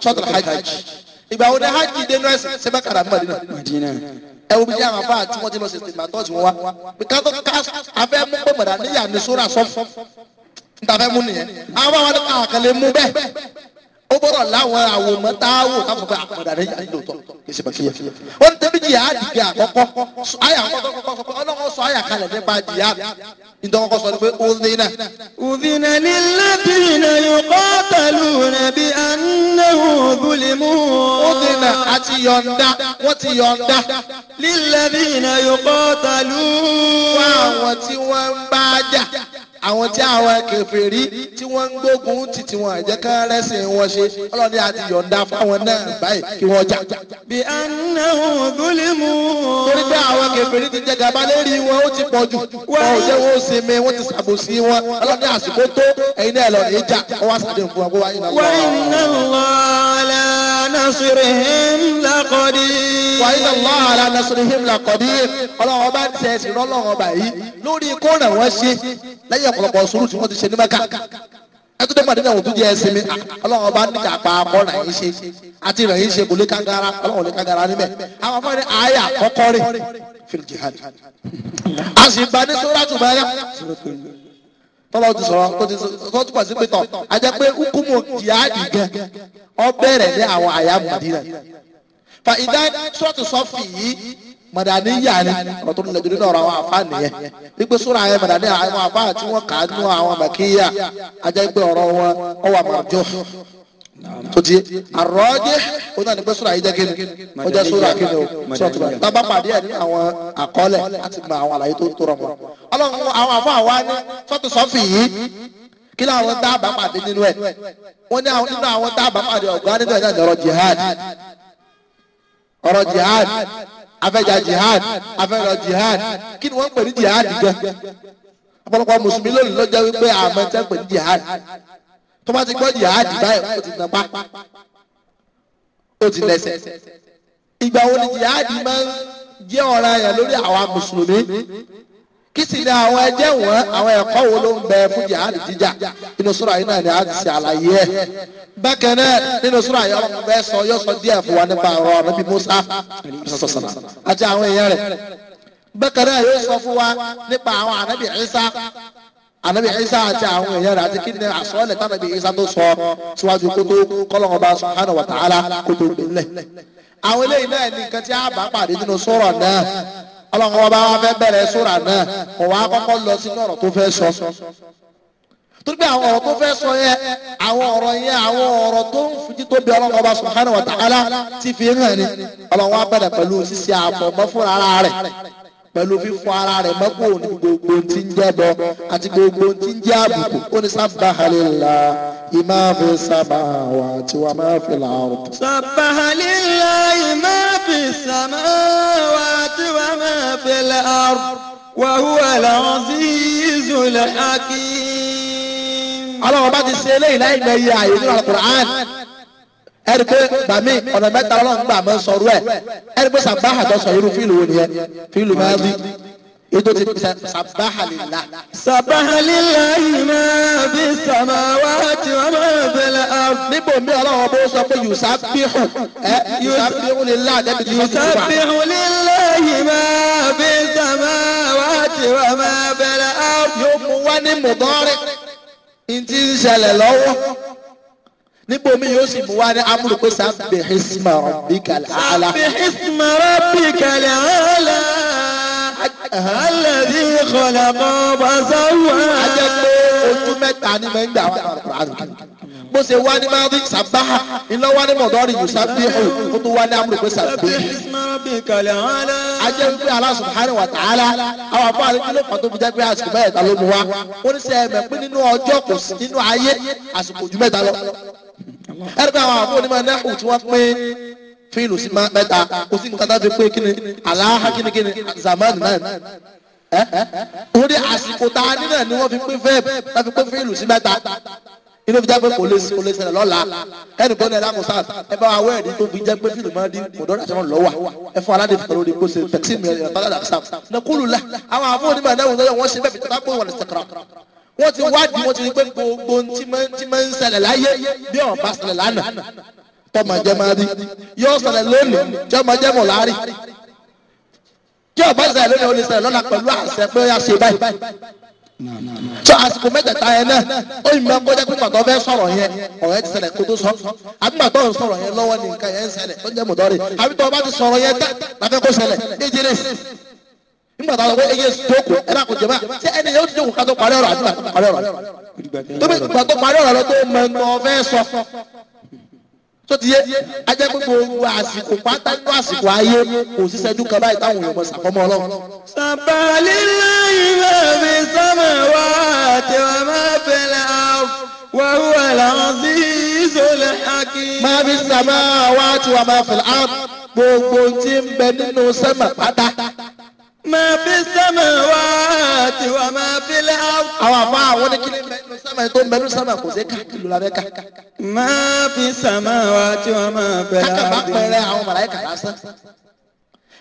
sọtọ hajj ìgbà wo ni hajj dé nọọsì ẹ wo bí jẹ́ àwọn afáà tí wọ́n ti lọ sí ìgbà tó ti wọ́n wá kátó ká afẹ́ mú pé mọ̀dà níyà ní sóra sọ́fún níta fẹ́ mú nìyẹn àwọn àwọn àkàlẹ̀ mú bẹ́ẹ̀ ó bọ̀rọ̀ láwọn àwòmọ́ táwò káfọ́ pé àpọ̀dà rẹ̀ yàrá ìlòtọ́ kì í ṣe bàtí yẹ. ó ń tẹ́bí jìyà á dìgbà àkọ́kọ́ àyà àkọ́kọ́ sọ ọlọ́kọ́ sọ àyà kalẹ̀ nípa jìyà ìdọ́kọ́kọ́ sọ ni pé udhina. udhina lilladhina yuqataluna bi annahu zulimu. udhina àti yọ̀ǹda wọ́n ti yọ̀ǹda. lilladhina yuqataluna. fún àwọn àwọn tí àwọn kèfèrí tí wọ́n ń gbógun ti tiwọn àjẹká rẹ́sìn wọn ṣe ọlọ́ni àti yọ̀ǹda fáwọn náà báyìí kí wọ́n jà. bí a ná òun gúnlé mu. torí pé àwọn kèfèrí ti jẹ gàba lérí wọn ó ti pọ̀ jù wọn ò jẹ́ wọn ó sinmi wọ́n ti ṣàbòsí wọn ọlọ́ni àsìkò tó ẹ̀yin náà lọ rèé jà ọwọ́ àṣàdé nǹkan àgbọ̀ wáyé náà. wọ́n iná lọ́ọ́lá nasirihim laqadir. wàyí lọ́wọ́ àlá nasirihim laqadir ọlọ́run ọba ti ẹ̀ sì rọ́ lọ́run ọba lórí kó ràn wọ́n ṣe lẹ́yìn ọ̀pọ̀lọpọ̀ sùúrù tí wọ́n ti ṣe ní mẹ́ka ẹtú dé pàdé náà tó jẹ ẹsìn mi ọlọ́run ọba níjà pa akọ rà yín ṣe àti rà yín ṣe kò lè kangara ọlọ́run lè kangara níbẹ̀ àwọn afọ àyà kọ́kọ́ rè fil jihad a sì gba ní sóràtù bẹ́ẹ̀ tọ́lọ́ ti sọ̀rọ̀ tó ti sọ tó pàṣẹ pé tọ̀ ajá pé hukumu jihadi gan ọ bẹ̀rẹ̀ ní àwọn àyà Madina fa ìdá sọ́ọ̀tù sọ́ọ̀fì yìí madani yà ni ọ̀rọ̀ tó nílẹ̀ jùlọ ní ọ̀rọ̀ àwọn afa nìyẹn wípé sóra yẹn madani àwọn afa tí wọ́n kà á nú àwọn màkìyà ajá pé ọ̀rọ̀ wọn ọwà màjọ tó ti àrọ́jẹ́ ó náà ní pé sóra yìí jẹ́ kíni ó jẹ́ sóra kíni o sóra tó bá yìí tábà pàdé ẹ̀ ní àwọn àkọọ́lẹ̀ láti gba àwọn àlàyé tó tó rọ̀ mọ́ ọlọ́run àwọn afa wa ní sọ́tù sọ́fì yìí kí làwọn dábàá pàdé nínú ẹ̀ wọ́n ní nínú àwọn dábàá pàdé ọ̀gá jihad ọ̀rọ̀ jihad afẹ́jà jihad afẹ́lọ jihad Kini ni wọ́n ń pè ní jihad gan ọ̀pọ̀lọpọ̀ mùsùlùmí lónìí ló jẹ́ wípé àmọ́ tẹ́ ń pè ní jihad tó bá ti gbọ́ jihad báyìí ó ti nàpá ó ti lẹ́sẹ̀ ìgbà wo ni jihad máa ń jẹ́ ọ̀ranyàn lórí àwa mùsùlùmí kí sì ni àwọn ẹjẹ́ wọn àwọn ẹ̀kọ́ wo ló ń bẹ fún jihad jíjà nínú sura yìí náà ni a ti ṣe àlàyé ẹ̀ bákan náà nínú sura yìí ọlọ́run bẹ́ẹ̀ sọ yóò sọ díẹ̀ fún wa nípa ọ̀rọ̀ Ànábì Musa àti àwọn èèyàn rẹ̀ bákan náà yóò sọ fún wa nípa àwọn Ànábì Isa anabi isa àti àwọn èèyàn rẹ̀ àti kí ni àsọlẹ tànàbí isa tó sọ síwájú kótó kọlọmọba subhanahu wa ta'ala kótó gbẹlẹ àwọn eléyìí náà ní náà ọlọ́run ọba wa fẹ́ bẹ̀rẹ̀ sóra náà kò wá kọ́kọ́ lọ sínú ọ̀rọ̀ tó fẹ́ sọ torí pé àwọn ọ̀rọ̀ tó fẹ́ sọ yẹn àwọn ọ̀rọ̀ yẹn àwọn ọ̀rọ̀ tó ń fi tó bí ọlọ́run ọba subhanahu wa ta'ala ti fi hàn ni ọlọ́run wa bẹ̀rẹ̀ pẹ̀lú ṣíṣe àfọ̀mọ́ fúnra rẹ̀ pẹ̀lú fífọ ara rẹ̀ mọ́kò ní gbogbo tí ń jẹ́ bọ àti gbogbo tí ń jẹ́ àbùkù ó ní sabbaha ìmá fi samawati wa ma fil ard. sabbaha lillah ìmá fi samawati. في الأرض وهو العزيز الحكيم الله ما بعد السيلة لا يميع على القرآن ẹni pé bàmí ọ̀nà mẹ́ta ọlọ́run gbà mọ́ sọ̀rọ̀ ẹ̀ ẹni pé sàbáhà tó sọ irú fíìlù wo nìyẹn fíìlù máa ń rí ètò ti tẹ sabahalila. sabahalila yìí máa fi sàmà wá tí wọ́n máa bẹ̀rẹ̀ àrùn. níbo mi ọlọ́wọ́ bó sọ pé yusabihu ẹ yusabihu lila dẹ́bi tí wọ́n ti wà. yusabihu lila yìí máa fi sàmà wá tí wọ́n máa bẹ̀rẹ̀ àrùn. yóò mú wá ní mùdọ́rì ntí ń ṣẹlẹ̀ lọ́wọ́ níbo mi yóò sì mú wá ní amúlùpẹ̀ sábẹ̀ hisma rabbikal ala. sábẹ̀ hisma rabbikal ala alẹ́bí kọlọ́kọ́ bá sáwọ́. a jẹ́ pé ojú mẹ́ta ni mẹ́ ń gbà wá àrùn bó ṣe wá ní máàdì sàbáhà ìlọ́wọ́ ní mọ̀dọ́rì yusafi ọ̀hún ó tún wá ní amúlùpẹ̀ sàbẹ̀. a jẹ́ ń pè Allah subhanahu wa ta'ala àwọn afọ àti kílò kan tó fi jẹ́ pé àsìkò mẹ́ta ló mu wá ó ní sẹ́ ẹ̀mẹ̀ pé nínú ọjọ́ kò sí nínú ayé àsìkò ojú mẹ́ta lọ. ẹ̀rọ bí àwọn àfọ onímọ̀ náà kù tí wọ́n pín fíìlù sí mẹ́ta kò sí nǹkan tá a fi pé kíni aláha kíni kíni zaman náà ẹ ó ní àsìkò tá a ní náà ni wọ́n fi pé fẹ́ẹ̀ tá a fi pé fíìlù sí mẹ́ta inú fi jẹ́ pé kò lè kò lè ṣẹlẹ̀ lọ́la ẹnì kan ní ẹ̀dá kò sáà ẹ bá wa wẹ́ẹ̀dì tó fi jẹ́ pé fíìlù máa dín kò dọ́dọ̀ àṣẹwọ̀n lọ́wà ẹ fún aládé fìkọ́ lórí kóse tẹ̀sí mi ẹ̀rọ bá dàda sáà nàkúlù la àwọn àfọwọ́ onímọ̀ ẹ̀dá wòlọ́yọ̀ wọ́n ṣe bẹ́ẹ̀ fi tàbí wọn ṣẹkara wọ́n ti wádìí wọ́n ti rí pé gbogbo ti máa ń ṣẹlẹ̀ láyé bí ọ̀ tọmọ jẹ máa rí yóò ṣẹlẹ̀ lónìí tí ọmọ jẹ mọ láàrí tí ọba ṣẹlẹ̀ lónìí ó lè ṣẹlẹ̀ lọ́la pẹ̀lú àṣẹ pé ó yà ṣe báyìí tó àsìkò mẹ́tẹ̀ẹ̀ta yẹn náà ó yìí máa ń kọjá pípa tó fẹ́ sọ̀rọ̀ yẹn ọ̀rọ̀ ti ṣẹlẹ̀ kó tó sọ àbígbà tó ń sọ̀rọ̀ yẹn lọ́wọ́ ni nǹkan yẹn ń ṣẹlẹ̀ ó jẹ́ mọ̀dọ́rì àbí tó o bá ti sọ̀rọ̀ yẹn tẹ́ láfẹ́ kó ṣẹlẹ̀ méje lè sí nígbà tó a lọ pé eye ẹ bá kò jẹ báyìí ṣé ẹni yóò jókòó ká tó parí ọ̀rọ̀ àdúrà tó parí ọ̀rọ̀ àdúrà tó parí ọ̀rọ̀ tó ti yé ajẹ́ pé gbogbo àsìkò pátá nínú àsìkò ayé kò sí ṣẹ́jú kan báyìí táwọn èèyàn mọ̀ sàkọ́mọ́ ọlọ́run. sàbàlì lẹ́yìn lẹ́bi sọ́mọ̀ wá àti wọ́n máa fẹ́lẹ̀ wọ́n wà láwọn sí ìṣòlẹ̀ àkì. máa fi sàmà wá àti wọ́n máa gbogbo tí ń bẹ nínú sẹ́mà pátá. máa fi sẹ́mà wá àfa àwọn oníkíni mẹ́nu sámà tó mẹ́nu sámà kò sí káàkiri la bẹ́ ká. máa fi sàmà wá tí wọ́n máa bẹ̀rẹ̀ àdé. kákàbá pẹ̀rẹ̀ àwọn màláìkà lásán.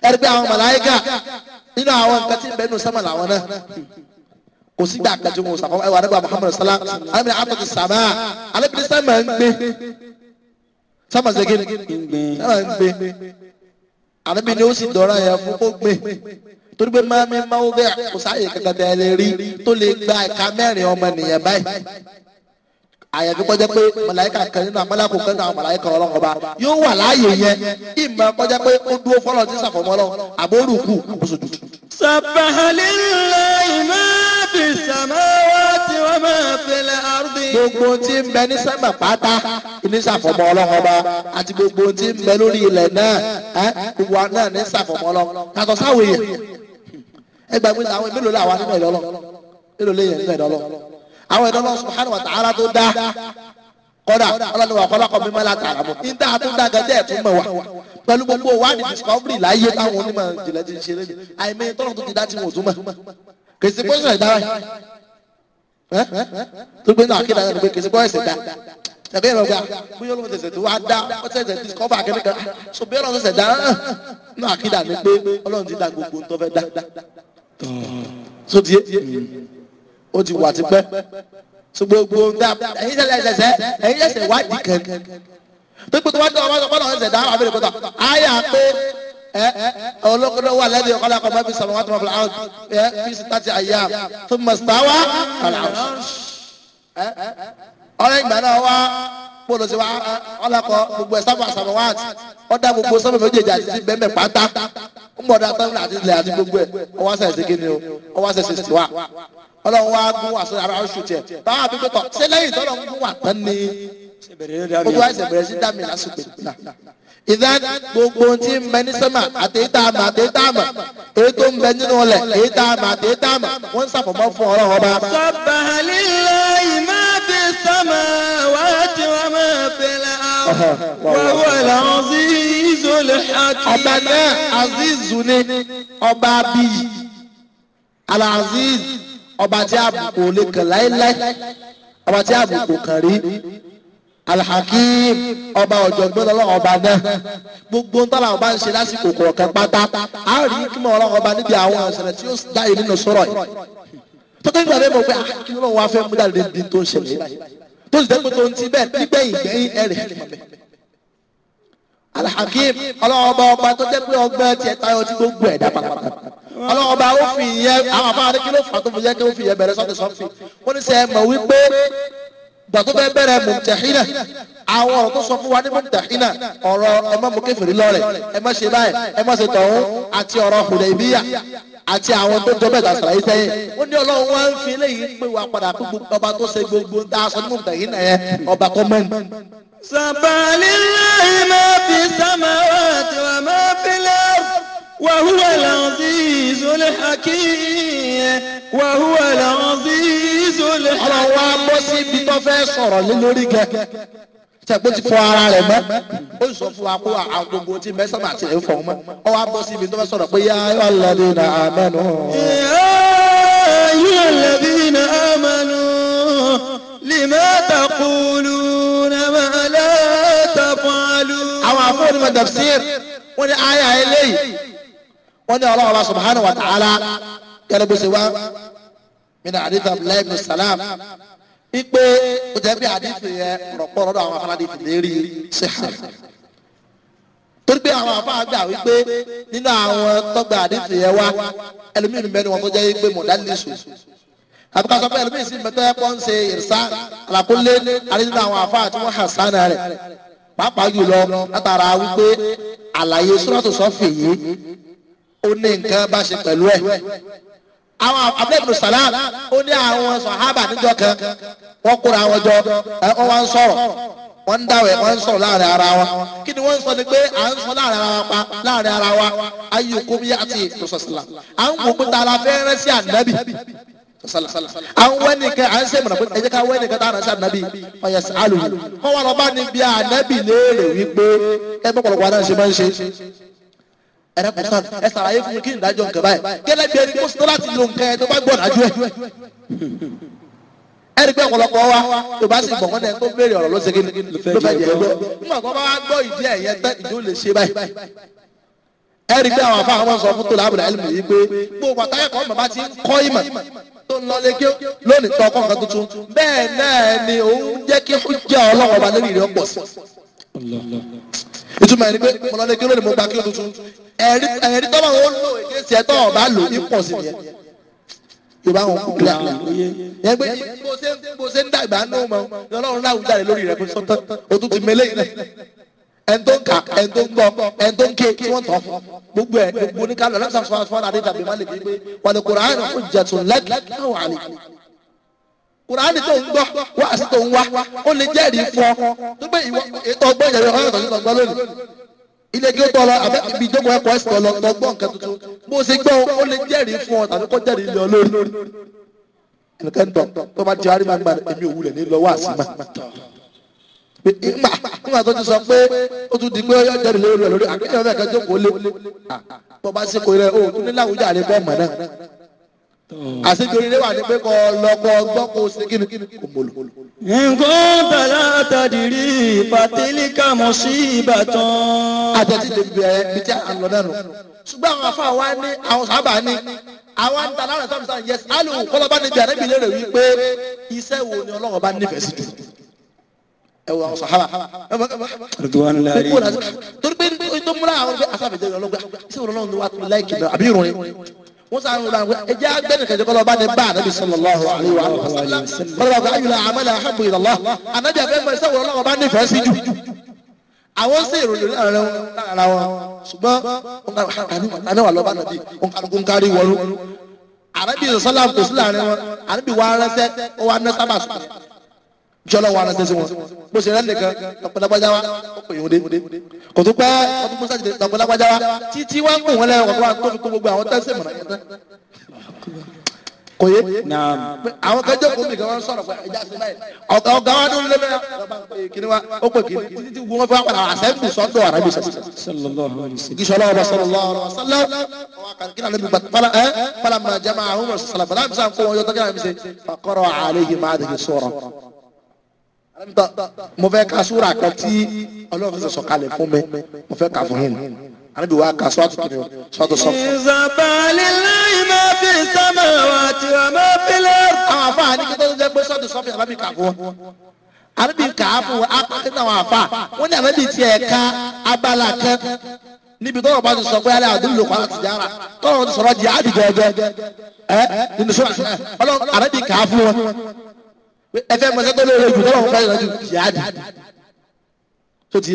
ẹ̀rí pé àwọn màláìkà nínú àwọn nǹkan tí mẹ́nu sámà làwọn náà kò sí gbà kan tí mo sàkó ẹwà nígbà Muhammadu sallá alábìrin àtọ̀tì sàmà alábìrin sàmà ń gbé sàmà ṣe gé sàmà ń gbé alábìrin ó sì dọ̀rọ̀ yẹn fún kó gbé torí pé máa mi máa wọ bẹ́ẹ̀ kò sáàyè kankan tẹ́ ẹ lè rí tó lè gba ẹ̀ka mẹ́rin ọmọ nìyẹn báyìí àyàfi kọjá pé màláíkà kan nínú amálàkù kan nínú màláíkà ọlọ́run ọba yóò wà láàyè yẹn ìmọ̀ kọjá pé ó dúró fọlọ́ tí sàfọ̀mọ́ lọ àbórùkù àbóṣojú. sabbahalillahi ma fi samawati wa ma fil ardi. gbogbo tí ń bẹ ní sẹ́mà pátá ní sàfọ̀mọ́ ọlọ́run ọba àti gbogbo tí ń bẹ lórí ilẹ̀ náà ẹ̀ gbogbo náà ní sàfọ̀mọ́ ọlọ́run yàtọ̀ sáwòye ẹ gbàgbé àwọn mélòó làwọn nínú ẹ̀dọ́ lọ mélòó lè yẹn nínú ẹ̀dọ́ lọ àwọn ẹ̀dọ́ lọ subhanahu wa ta'ala tó dá kọ́dà ọlọ́ni wà kọ́lákọ̀ mímọ́ láti àràmọ́ níta tó dá gẹ́gẹ́ ẹ̀ tún mọ̀ wá pẹ̀lú gbogbo wa ní discovery láyé táwọn onímọ̀ ìjìnlẹ̀ ti ṣe lẹ́nu àìmọ́ tọ́lọ̀ tó ti dá tí wọn ò tún mọ̀ kèsì pọ́sẹ̀ ìdá wa tó gbé náà akéde àgbẹ̀ kèsì pọ́sẹ̀ ìdá tàbí ẹ̀rọ gba bóyá olóhùn tẹ̀sẹ̀ tó wá dá ọ̀tẹ̀sẹ̀ discover akẹ́kẹ́ so bí ọlọ́run tẹ̀sẹ̀ dá náà akéde àgbẹ̀ pé ọlọ́run ti dá gbogbo tó fẹ́ dá so tiẹ o ti wà tipẹ́ so gbogbo nga ẹ̀yin ṣẹlẹ̀ ẹsẹsẹ ẹ̀yin ẹsẹ wádìí kan pípé tó wá dé ọmọ ọmọ náà ẹsẹ dáhùn àbẹrẹ kọta àyà pé ẹ ọlọ́kọ̀dọ̀ wà lẹ́nu ọ̀kọ́lá kan bá fi sọ̀rọ̀ wá tó máa fi àwọn ẹ fi sitati àyà tó mọ̀ sítáwá kàlà ọ̀rẹ́ ìgbà náà wá bóòlù sí wa ọlọkọ gbogbo ẹ sábà sábà wá àti ọdá gbogbo sábà méjèèjì àti ti bẹ́ẹ̀ pátá ńgbọ̀dá sábà àti ilẹ̀ àti gbogbo ẹ ọwọ́ sẹ̀ ṣe kíni o ọwọ́ sẹ̀ ṣe sì wá ọlọ́run wa gún wàásù ara oṣù tiẹ̀ báwa bí pẹ́tọ̀ ṣé lẹ́yìn tọ́lọ́ ń gún wà tán ni gbogbo àìsàn bẹ̀rẹ̀ sí dá mi lásìkò ìgbà ìdá gbogbo tí ń bẹ ní sẹ́mà àtẹ̀yítà àmà àtẹ̀yítà àmà èyí tó ń bẹ nínú ọlẹ̀ èyítà àmà àtẹ̀yítà àmà wọ́n ń sàfọ̀mọ́ fún ọlọ́run ọba. sọ̀bàlì lọ́yìn. wàhùn àzízù lè hàkì. ọba náà azizu ni ọba abiyi alaziz ọba tí àbùkù lè kàn láéláé ọba tí àbùkù kàn rí alhakim ọba ọ̀jọ̀gbọ́n ọlọ́run ọba náà gbogbo ntọ́la ọba ń ṣe lásìkò kọ̀ọ̀kan pátá a rí kí mọ̀ ọlọ́run ọba níbi àwọn ìṣẹ̀lẹ̀ tí ó dá ìrìnà sọ̀rọ̀ yìí tọ́tẹ́ ìgbà rẹ̀ mọ̀ pé ah, kí ló wá fẹ́ mú dáre bí tó ń ṣẹlẹ̀ yìí tó sì dẹ́kun tó ń ti bẹ́ẹ̀ nígbẹ̀yìn gbẹ̀yìn ẹ̀rẹ̀ alahakim ọlọ́ọ̀bá ọba tó jẹ́ pé ọgbẹ́ tiẹ̀ tayọ ti gbogbo ẹ̀dá pàpàpà ọlọ́ọ̀bá ó fi ìyẹn àwọn afárá ní kí ló fà tó fi yẹ kí ó fi ìyẹn bẹ̀rẹ̀ sọ́ọ̀tì sọ́ọ̀fì wọ́n ní sẹ́ mọ̀ wípé gbàtó bẹ́ẹ̀ bẹ̀rẹ̀ mùtẹ̀hínà àwọn ọ̀rọ̀ tó sọ fún wa ní mùtẹ̀hínà ọ̀rọ̀ ẹ má mú kéfìrí lọ́rẹ̀ ẹ má ṣe báyìí ẹ má ṣe tọ̀hún àti ọ̀rọ̀ Hudaybiya àti àwọn tó jọ bẹ́ẹ̀ ta sàlàyé sẹ́yìn ó ní ọlọ́run wá ń fi eléyìí pé wà padà tó gbogbo ọba tó ṣe gbogbo tá a nínú ìtàn yìí nìyẹn ọba kọ́mọ́n. sàbàlì láì máa fi sàmà wá tí wàá máa fi lẹ́ وهو العزيز الحكيم وهو العزيز الحكيم. ọlọ́run wa bọ́ sí ibi tó fẹ́ sọ̀rọ̀ lórí gẹ́gẹ́ tẹ̀gbọ́n ti fọ ara rẹ̀ mọ́ ó sọ fún wa kó àwọn gbogbo tí mẹ́sàn-án àti ẹ̀ fọ̀ mọ́ ọ wá bọ́ síbi tó fẹ́ sọ̀rọ̀ pé yá alladhina amanu. yá alladhina amanu lima taquluna ma la taf'alun. àwọn afọ́nimọ̀ tafsir wọ́n ní àyà eléyìí wọ́n ní ọlọ́wọ́ bá subhanahu wa ta'ala kẹ́lẹ́ bó ṣe wá min hadith Abdullahi ipe o jẹ pé àdìsí yẹn rọpò lọ́dọ̀ àwọn afárá àdìsí lè rí ṣe hàn torí pé àwọn afárá gbà wípé nínú àwọn tọgbà àdìsí yẹn wá ẹlòmíràn mẹnu wọn tó jẹ pé mọdálísù àbúkà sọ pé ẹlòmíràn sì mẹtọ ẹ pọ́n ṣe ìrìsà àlàkólé àdìsí àwọn afárá tí wọ́n hàn sánà rẹ̀ pàápàá jùlọ látara wípé àlàyé sọ́rọ́tò sọ́fì yìí ó ní nǹkan bá ṣe pẹ̀lú ẹ̀ àwọn abúlé ibùdó sàlám ó ní àwọn sàhábà níjọ kan wọ́n kóra wọn jọ wọ́n wá ń sọ̀rọ̀ wọ́n ń dáwẹ̀ wọ́n ń sọ̀rọ̀ láàrin ara wa kí ni wọ́n ń sọ ni pé à ń sọ láàrin ara wa pa láàrin ara wa ayyukum ya'ti sọ̀sọ̀sọ̀là à ń wò pé ta la fẹ́ rẹ́ sí ànábì à ń wẹ́ nìkan à ń sẹ́ mọ̀nà pé ẹ ká wẹ́ nìkan tá à ànábì ọ̀yẹ̀ sí àlùyé kọ́ wa lọ bá ní bí ànábì léèrè wípé ẹ ẹrẹ kò kan ẹ sàlàyé fún mi kí n dájọ nǹkan báyìí gẹ́lẹ́ bí ẹni kó sọ láti lo nǹkan ẹ tó bá gbọ́ dájú ẹ ẹni pé ọ̀pọ̀lọpọ̀ wa tó bá sì gbọ̀ngàn náà tó béèrè ọ̀rọ̀ ló segin ló fẹ́ jẹ ẹgbẹ́ nígbà tó bá gbọ́ ìdí ẹ̀ yẹn tán ìdí ó lè ṣe báyìí ẹni pé àwọn afáwọn máa sọ fún tòlá àbúrò ẹlẹ́mì yìí pé gbogbo àtàkọ́ ni òun jẹ́ kí ó jẹ́ ọlọ́wọ́ ọba lórí ìtumọ̀ ẹni pé mọ̀lọ́lẹ́ kí ló lè mọ gba kí tuntun ẹ̀rí tọ́wọ́ wọn lò èkéṣì ẹ̀ tọ́wọ́ bá lò ní pọ̀ sí ni ẹ̀ yorùbá wọn kú kílà kílà lóye yẹn pé bó ṣe bó ṣe ń dàgbà ní òun mọ ọlọ́run náà wújà rẹ lórí rẹ fún sọ́tọ́ o tún ti mẹlẹ́ yìí ẹn tó ń kà ẹn tó ń gbọ́ ẹn tó ń ké tí wọ́n tọ́ gbogbo ẹ gbogbo oníkàlọ́ lọ́sàn-án fún adé tàbí má lè fi pé wàlẹ̀ kùránì fún jẹ̀tún lẹ́kì kùránì tó ń gbọ́ wáàsí tó ń wá ó lè jẹ́rìí fún ọ tó gbé ìwọ ètò ọgbọ́n ìyàwó ọ̀hún ọ̀tọ̀ ìtọ̀ gbọ́ lónìí ilé gé tọ́ lọ abẹ́ ibi ìjókòó ẹ̀kọ́ ẹ̀sìn tọ́ lọ tọ́ gbọ́ nǹkan tuntun bó ṣe gbọ́ ó lè jẹ́rìí fún ọ tàbí kọ́ jẹ́rìí lọ lórí nǹkan tọ̀ tó bá ti wárí gbà èmi òwúlẹ̀ ní lọ wáàsí mà ìgbà nígbà tó ti sọ pé ó tún di pé ó jẹ́rìí lórí rẹ̀ lórí àgbẹ̀yẹ̀wò ẹ̀ka jókòó lé bọ́ bá sí kò rẹ̀ ó tún ní láwùjọ àrẹ bẹ́ẹ̀ náà àṣejù rere wà ní pé kọ lọkọ gbọ́ kó ṣe kíni kó mọ̀lò. nǹkan bàlá àtàdìrí pàtẹ́líkà mọ̀ sí ìbátan. àtẹ̀tí lè bẹ̀rẹ̀ bí tí a lọ dànù. ṣùgbọ́n àwọn afa wa ní àwọn sábà ní àwọn ń ta lára sábà sábà yẹsẹ alu kọlọba níbi àrẹ́bí lérè wípé iṣẹ́ wo ni Ọlọ́run bá nífẹ̀ẹ́ sí jù. ẹ wọ àwọn sàhábà. torí pé tó múra àwọn ọlọ́gbà wọ́n sàn wúlò àwọn ẹ̀jẹ̀ agbẹ́ni kẹ̀jẹ̀ kọ́ lọ́ba ní bá anabi sallallahu alayhi wa sallam wọ́n lọ́ba ayọ̀lá amala ahabu ilallah anabi abẹ́ mọ̀ sẹ́wọ̀n lọ́wọ́ bá nífẹ̀ẹ́ sí jù àwọn sì ròyìn láàrin ara wọn ṣùgbọ́n anáwà lọ́ba nàbí nkárí wọlú anabi sallam kò sí láàrin wọn anabi wa rẹsẹ ó wà ní sábà sọ̀rọ̀ jọlọ wa lọjọ sí wọn bó ṣe rẹ nìkan lọpọlọpọjá wa ó pè yóò dé kò tó pẹ́ ọdún mọsá jẹ lọpọlọpọjá wa títí wá ń pè wọn lẹ́yìn ọkọ wa tó fi kó gbogbo àwọn tẹsí mọ náà kò yé àwọn kan jẹ kómi kan wọn sọ̀rọ̀ pé ẹja sí báyìí ọkà ọgá wa dúró lébẹ kí ni wa ó pè kí ni títí wọn fún wa padà àṣẹbù sọ́dọ̀ ara mi sọsọ. gíṣọ lọ́wọ́ bá sọ̀rọ̀ lọ́wọ́ sọlá ọwọ́ kan kí ni ẹ fọlá mo fẹ́ ka súra kan tí ọlọ́run ṣe sọ̀kalẹ̀ fún mi mo fẹ́ ka fún yín anabi wa ka sọ́wọ́tò kìnìún sọ́wọ́tò sọ́fọ́. ìzàbàlì láì máa fi sábà wà tí wà máa fi àwọn afa àní kíkẹ́ tó jẹ́ pé sọ́wọ́tò sọ́fọ́ yàrá mi kà fún wọn. anabi kà á fún wọn apá àwọn afa wọn ní anabi tiẹ̀ ka abala kan níbi tọ́wọ́ bá ti sọ pé alẹ́ àdúgbò kan àti jára tọ́wọ́ ti sọ̀rọ̀ jihadi jẹ́jẹ́ ẹ nínú sọ́wọ́ ẹ fẹ́ mọ sẹ́tọ́ lóore jù lọ́wọ́ ká yọjú jihadi tó ti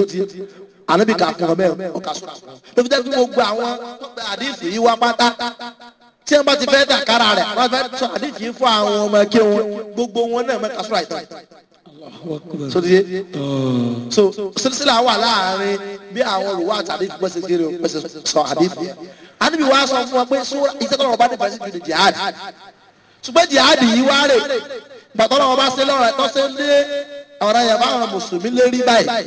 ànábì kà fún ọmọ ẹ ọkà sọ̀rọ̀ tó fi dẹ́kun mo gba àwọn tó gba àdìsí yìí wá pátá tí wọ́n bá ti fẹ́ dà kára rẹ̀ wọ́n fẹ́ sọ àdìsí yìí fún àwọn ọmọ kí wọn gbogbo wọn náà mẹ́ta sọ̀rọ̀ àìtọ́ so ti ye so sísílà wà láàrin bí àwọn olùwà àti àdìsí pèsè jẹrẹ pèsè sọ àdìsí àdìbí wa sọ fún wa pé iṣẹ́ tó lọ́wọ́ bá ní pèsè jù ní jihad ṣùgbọ́n jihad yìí wá gbàtọ́lọ́ wọn bá ṣe lọ́rọ̀ ẹ̀tọ́ ṣe lé ọ̀rọ̀ yẹn báwọn mùsùlùmí lé rí báyìí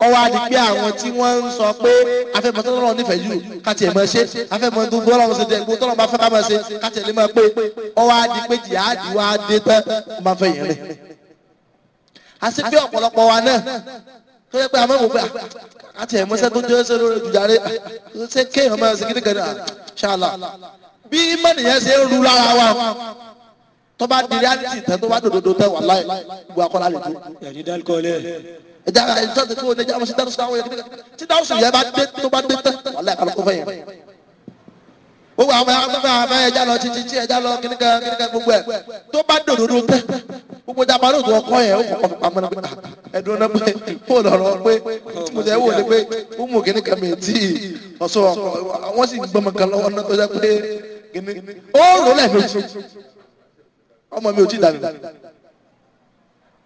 kọ́ wa di pé àwọn tí wọ́n ń sọ pé afẹ́mọ́ tó lọ́rọ̀ nífẹ̀ẹ́ yìí káti ẹ̀ máa ṣe afẹ́mọ́ tó gbọ́ lọ́rọ̀ ṣètò ẹ̀gbọ́n tó lọ́rọ̀ bá fẹ́ ká máa ṣe káti ẹ̀ lè máa pé ọ wa di pé jìhádì wa dé tán ó máa fẹ́ yẹn rẹ̀. àti pé ọ̀pọ̀lọpọ̀ wa náà tó yẹ pé àmọ́ wò pé káti ẹ̀ mọ́ṣẹ́ tó jẹ́ sórí ìjàre ṣé kéèyàn máa ṣe kíníkan náà ṣáàlà bí mọ́nìyàn ṣe ń ru lára wa tó bá di reality tẹ tó bá dòdòdò tẹ wà láyé gbogbo akọ́lá lè tó. ẹni dálkọ lẹ. ẹja ẹ jọ ti kó o dẹjà ọmọọṣẹ dárúsọ àwọn yẹn tí dárúsọ yẹn bá dé tó bá dé tẹ wà láyé kálọ kó fẹ yẹn. gbogbo àwọn afẹ́fẹ́ afẹ́ ẹja lọ títí tí ẹja lọ kíníkà kíníkà gbogbo ẹ tó bá dòdòdò tẹ gbogbo ìjà balùwẹ̀ tó ọkọ yẹn ó kọ pamọ́ náà náà pé ọmọ mi ò tí ì dànù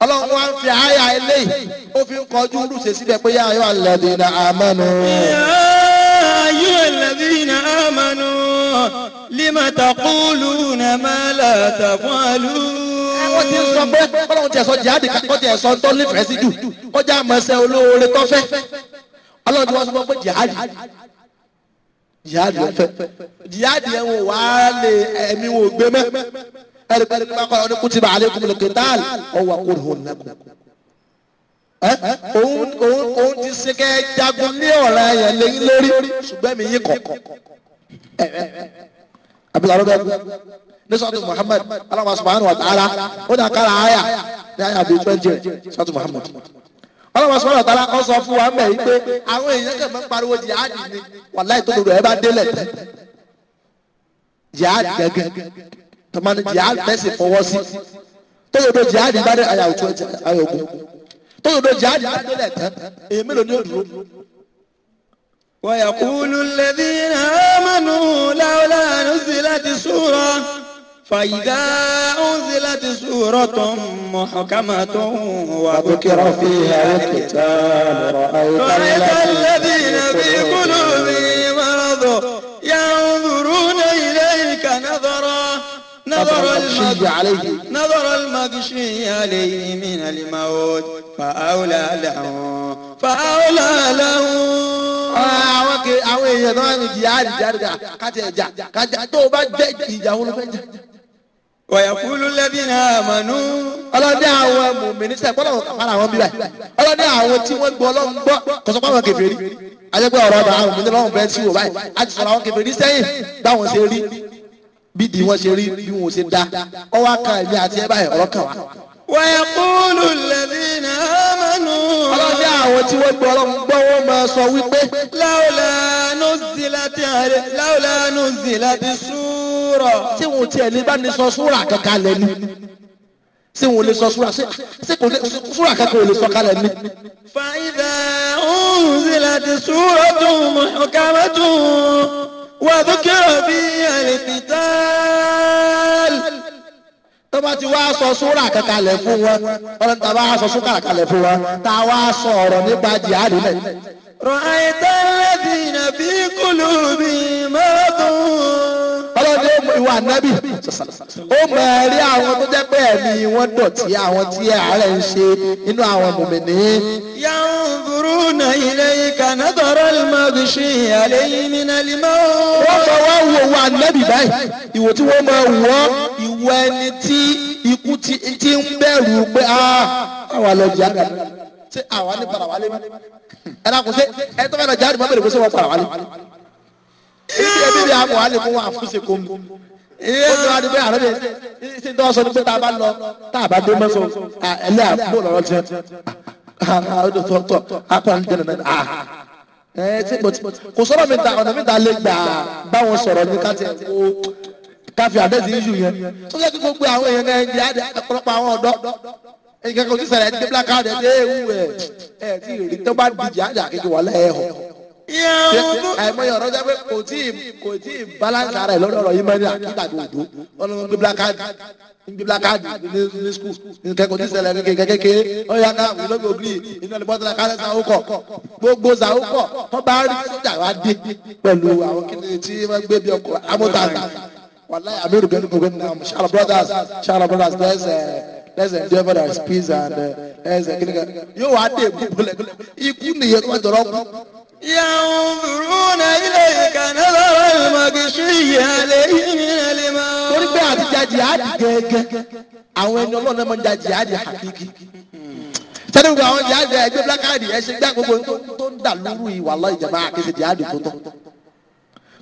ọlọ́run wá ń fi àyà eléyìí ó fi ń kọjú rúṣe síbẹ̀ pé yáa yọ alladhina amanu. yáa yọ alladhina amanu lima taquluna ma la taf'alun wọ́n ti sọ pé ọlọ́run ti ẹ̀sọ́ jihadi kọ́ ti ẹ̀sọ́ tó nífẹ̀ẹ́ sí jù kọjá àmọ́sẹ́ olóore tó ọlọ́run ti wọ́n sọ pé jihadi jihadi ló jihadi ẹ̀ wò wá lè ẹ̀mí wò gbé mẹ́ ẹ̀rí pẹ̀lú pé akọ̀rọ̀ ní kutiba alaykumul qital ọwọ́ kurhun lakum. òun òun òun ti ṣe kẹ́ jagun ní ọ̀rọ̀ ẹ̀yẹ lẹ́yìn lórí ṣùgbọ́n mi yín kọ̀ọ̀kọ̀. abilaru bẹ ní sọ́tù muhammad aláwọ̀ subhanahu wa ta'ala ó dà kára àyà ní àyà bíi twenty sọ́tù muhammad ọlọ́wọ́ sọ̀rọ̀ tala kọ́ sọ fún wa mẹ́ yìí pé àwọn èèyàn kẹ̀ mọ́ pariwo jihadi ni wàláì tó lòdù ẹ bá délẹ̀ jihadi gẹ́gẹ́ tọ́mọ́ni jihad mẹ́sì fọwọ́ sí tóyòdó jihad bá dé ayàwó tó ayọ̀gùn tóyòdó jihad bá dé lẹ́tẹ̀ èyí mélòó ni ó dúró. ويقول الذين آمنوا لولا نزلت سورة فإذا أنزلت سورة محكمة وذكر فيها القتال رأيت الذين في قلوبهم مرض نظر المغشي نظر المغشي عليه من الموت فأولى له فأولى له àwọn èèyàn tó wà ní ìjìyà àdìjàdìjà káti ẹja kájà tó o bá jẹ ìjà wọn ló fẹ́ jà. wàyàkúlù lẹ́bí náà àmànú. ọlọ́dẹ àwọn mòmìnísà gbọ́dọ̀ wọn kàfàrà àwọn bíbá yìí ọlọ́dẹ àwọn tí wọ́n gbọ́ ọlọ́run gbọ́ kọ́sọ́pọ̀ àwọn kèfèrí ajẹ́gbẹ́ ọ̀rọ̀ ọ̀dọ̀ àwọn mòmìnísà lọ́wọ́ bẹ́ẹ̀ sí wò báyìí àti sọ̀rọ̀ àwọn kèfèrí sẹ́yìn báwọn ṣe rí bí di wọn ṣe rí bí wọn ṣe dá ọwọ́ kan ẹ̀mí àti ẹ̀ báyìí ọ̀rọ̀ kan wá. wọ́yà kúlù lẹ́dínà ámánú. ọlọ́dẹ àwọn tí wọ́n gbọ́ ọlọ́run gbọ́ wọ́n máa sọ wípé. láwùlà nùzìlàtì àrẹ láwùlà nùzìlàtì súrà. tí wọn tiẹ̀ lè bá ní sọ súrà kankan lẹ́nu ṣé wọn ò lè sọ súrà ṣé kò lè súrà kankan ò lè sọ kalẹ̀ ní. fàyídà ń zìlàtì súrà tó mọ̀ bá ti wá sọ súrà kankanlẹ̀ fún wọn ọlọ́run tá a bá sọ súrà kankanlẹ̀ fún wọn tá a wá sọ ọ̀rọ̀ nípa jihadi náà. rọ̀ìtà lẹ́dínà bí kùlù mi mọ́tún. ọlọ́run yóò mú ìwà nábì ó mọ̀ ẹ́ àwọn tó jẹ́ pé ẹ̀mí wọn dọ̀tí àwọn tí àárẹ̀ ń ṣe nínú àwọn mùmìnì. yanzuruna ilayka nadara al-maghshi alayhi min al-maut. wọ́n fọwọ́ wo wa nábì báyìí ìwò tí wọ́n máa wọ́ ìwọ ẹni tí ikú ti ń bẹ̀rù pé àwa ah, lọ jẹ́ àgàdo ṣé àwa ní padà wálé mọ́ ẹ̀rọ kò ṣe ẹ̀ tó bá lọ jẹ́ àdìmọ́ bẹ̀rẹ̀ kó ṣe wọ́n padà wálé ibi ẹbí bí akọ̀ wálé fún wọn àfúnṣe kò mú iye tó wá ní pé àrẹ mi ṣe tó sọ ní pé tá a bá lọ tá a bá dé mọ́sọ ẹ̀lẹ́ àbúrò lọ́rọ́ tiẹ̀ ọdún tó ah, tọ̀ apá ń jẹ́ nàná ẹ̀ tí kò sọ̀rọ̀ mi ta ọ̀nà mi ta lè gbà báwọn sọ̀rọ̀ ní ká tiẹ̀ kó káfí àdẹ́sí iṣu yẹn tó fẹ́ kí gbogbo àwọn èèyàn náà ń jẹ àdé ọ̀pọ̀lọpọ̀ àwọn ọ̀dọ́ ẹ̀yìn kankan ojú sẹ̀rẹ̀ ẹ̀dí black card ẹ̀dí ewu ẹ̀ ẹ̀ tí ìrètí tó bá dìjì àdé àkejì wà lẹ́ẹ̀ hàn. àìmọye ọ̀rọ̀ jẹ́ pé kò tí kò tí balance ara ẹ̀ lọ́dọ̀ ọ̀rọ̀ yìí mẹ́rin àkíkàdé òdo ọlọ́run gbé black card gbé black card ní ní school kankan ojú sẹ̀rẹ̀ kékeré ọ̀yà ká ìlọ́gbẹ̀ ògiri iná ní bọ́tà kálẹ̀ sàókọ̀ gbogbo sàókọ̀ tó bá Wallahi, Amir going to win now. Inshallah, brothers, inshallah, brothers, there's a, there's a devil that is peace and uh, there's a clinic. You are the people. You couldn't hear what the rock. ينظرون إليك نظر المغشي عليه من الموت. torí pé àti jajì àdì gẹ́gẹ́ àwọn ẹni ọlọ́run náà máa ń jajì àdì hakiki. sẹ́ni gbogbo àwọn jajì ẹgbẹ́ bílákàdì ẹ̀ ṣe gbá gbogbo tó ń dà lóru ìwà lọ́ ìjàmbá àkẹ́sẹ̀ jajì tó tọ́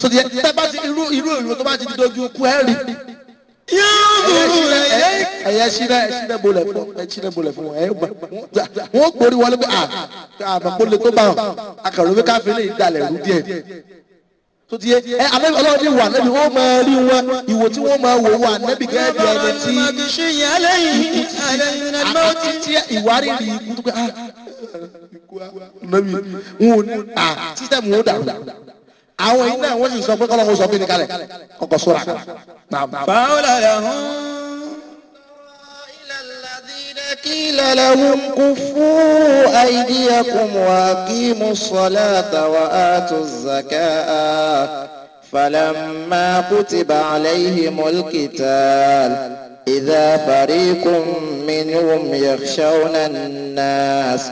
tó ti yẹ tẹ́ bá ti irú irú ìró tó bá ti dojú kú ẹ rí. yóò rú ẹyẹ ẹyẹ ṣílẹ ṣílẹ bolẹ fún ẹ ṣílẹ bolẹ fún ẹ gbà wọn gbórí wọlé pé àmàkólé tó bá wọn akàròwé káfíń lè dalẹ̀ rú díẹ̀ tó ti yẹ ẹ alẹ́bí ọlọ́run ní ìwà alẹ́bí wọ́n máa rí wọn ìwò tí wọ́n máa wò wọ alẹ́bí gẹ́gẹ́ bí ẹni tí àti ìwárí rí ikú tó pé ah ikú ah alẹ́bí n ò ní ah sísẹ́mù ó dàrú. àwọn iná wọ́n sì sọ pé kọ́lọ́hún sọ kíni kalẹ̀ ọkọ̀ sóra kan. fàwọlà قيل لهم كفوا أيديكم وأقيموا الصلاة وآتوا الزكاة فلما كتب عليهم القتال إذا فريق منهم يخشون الناس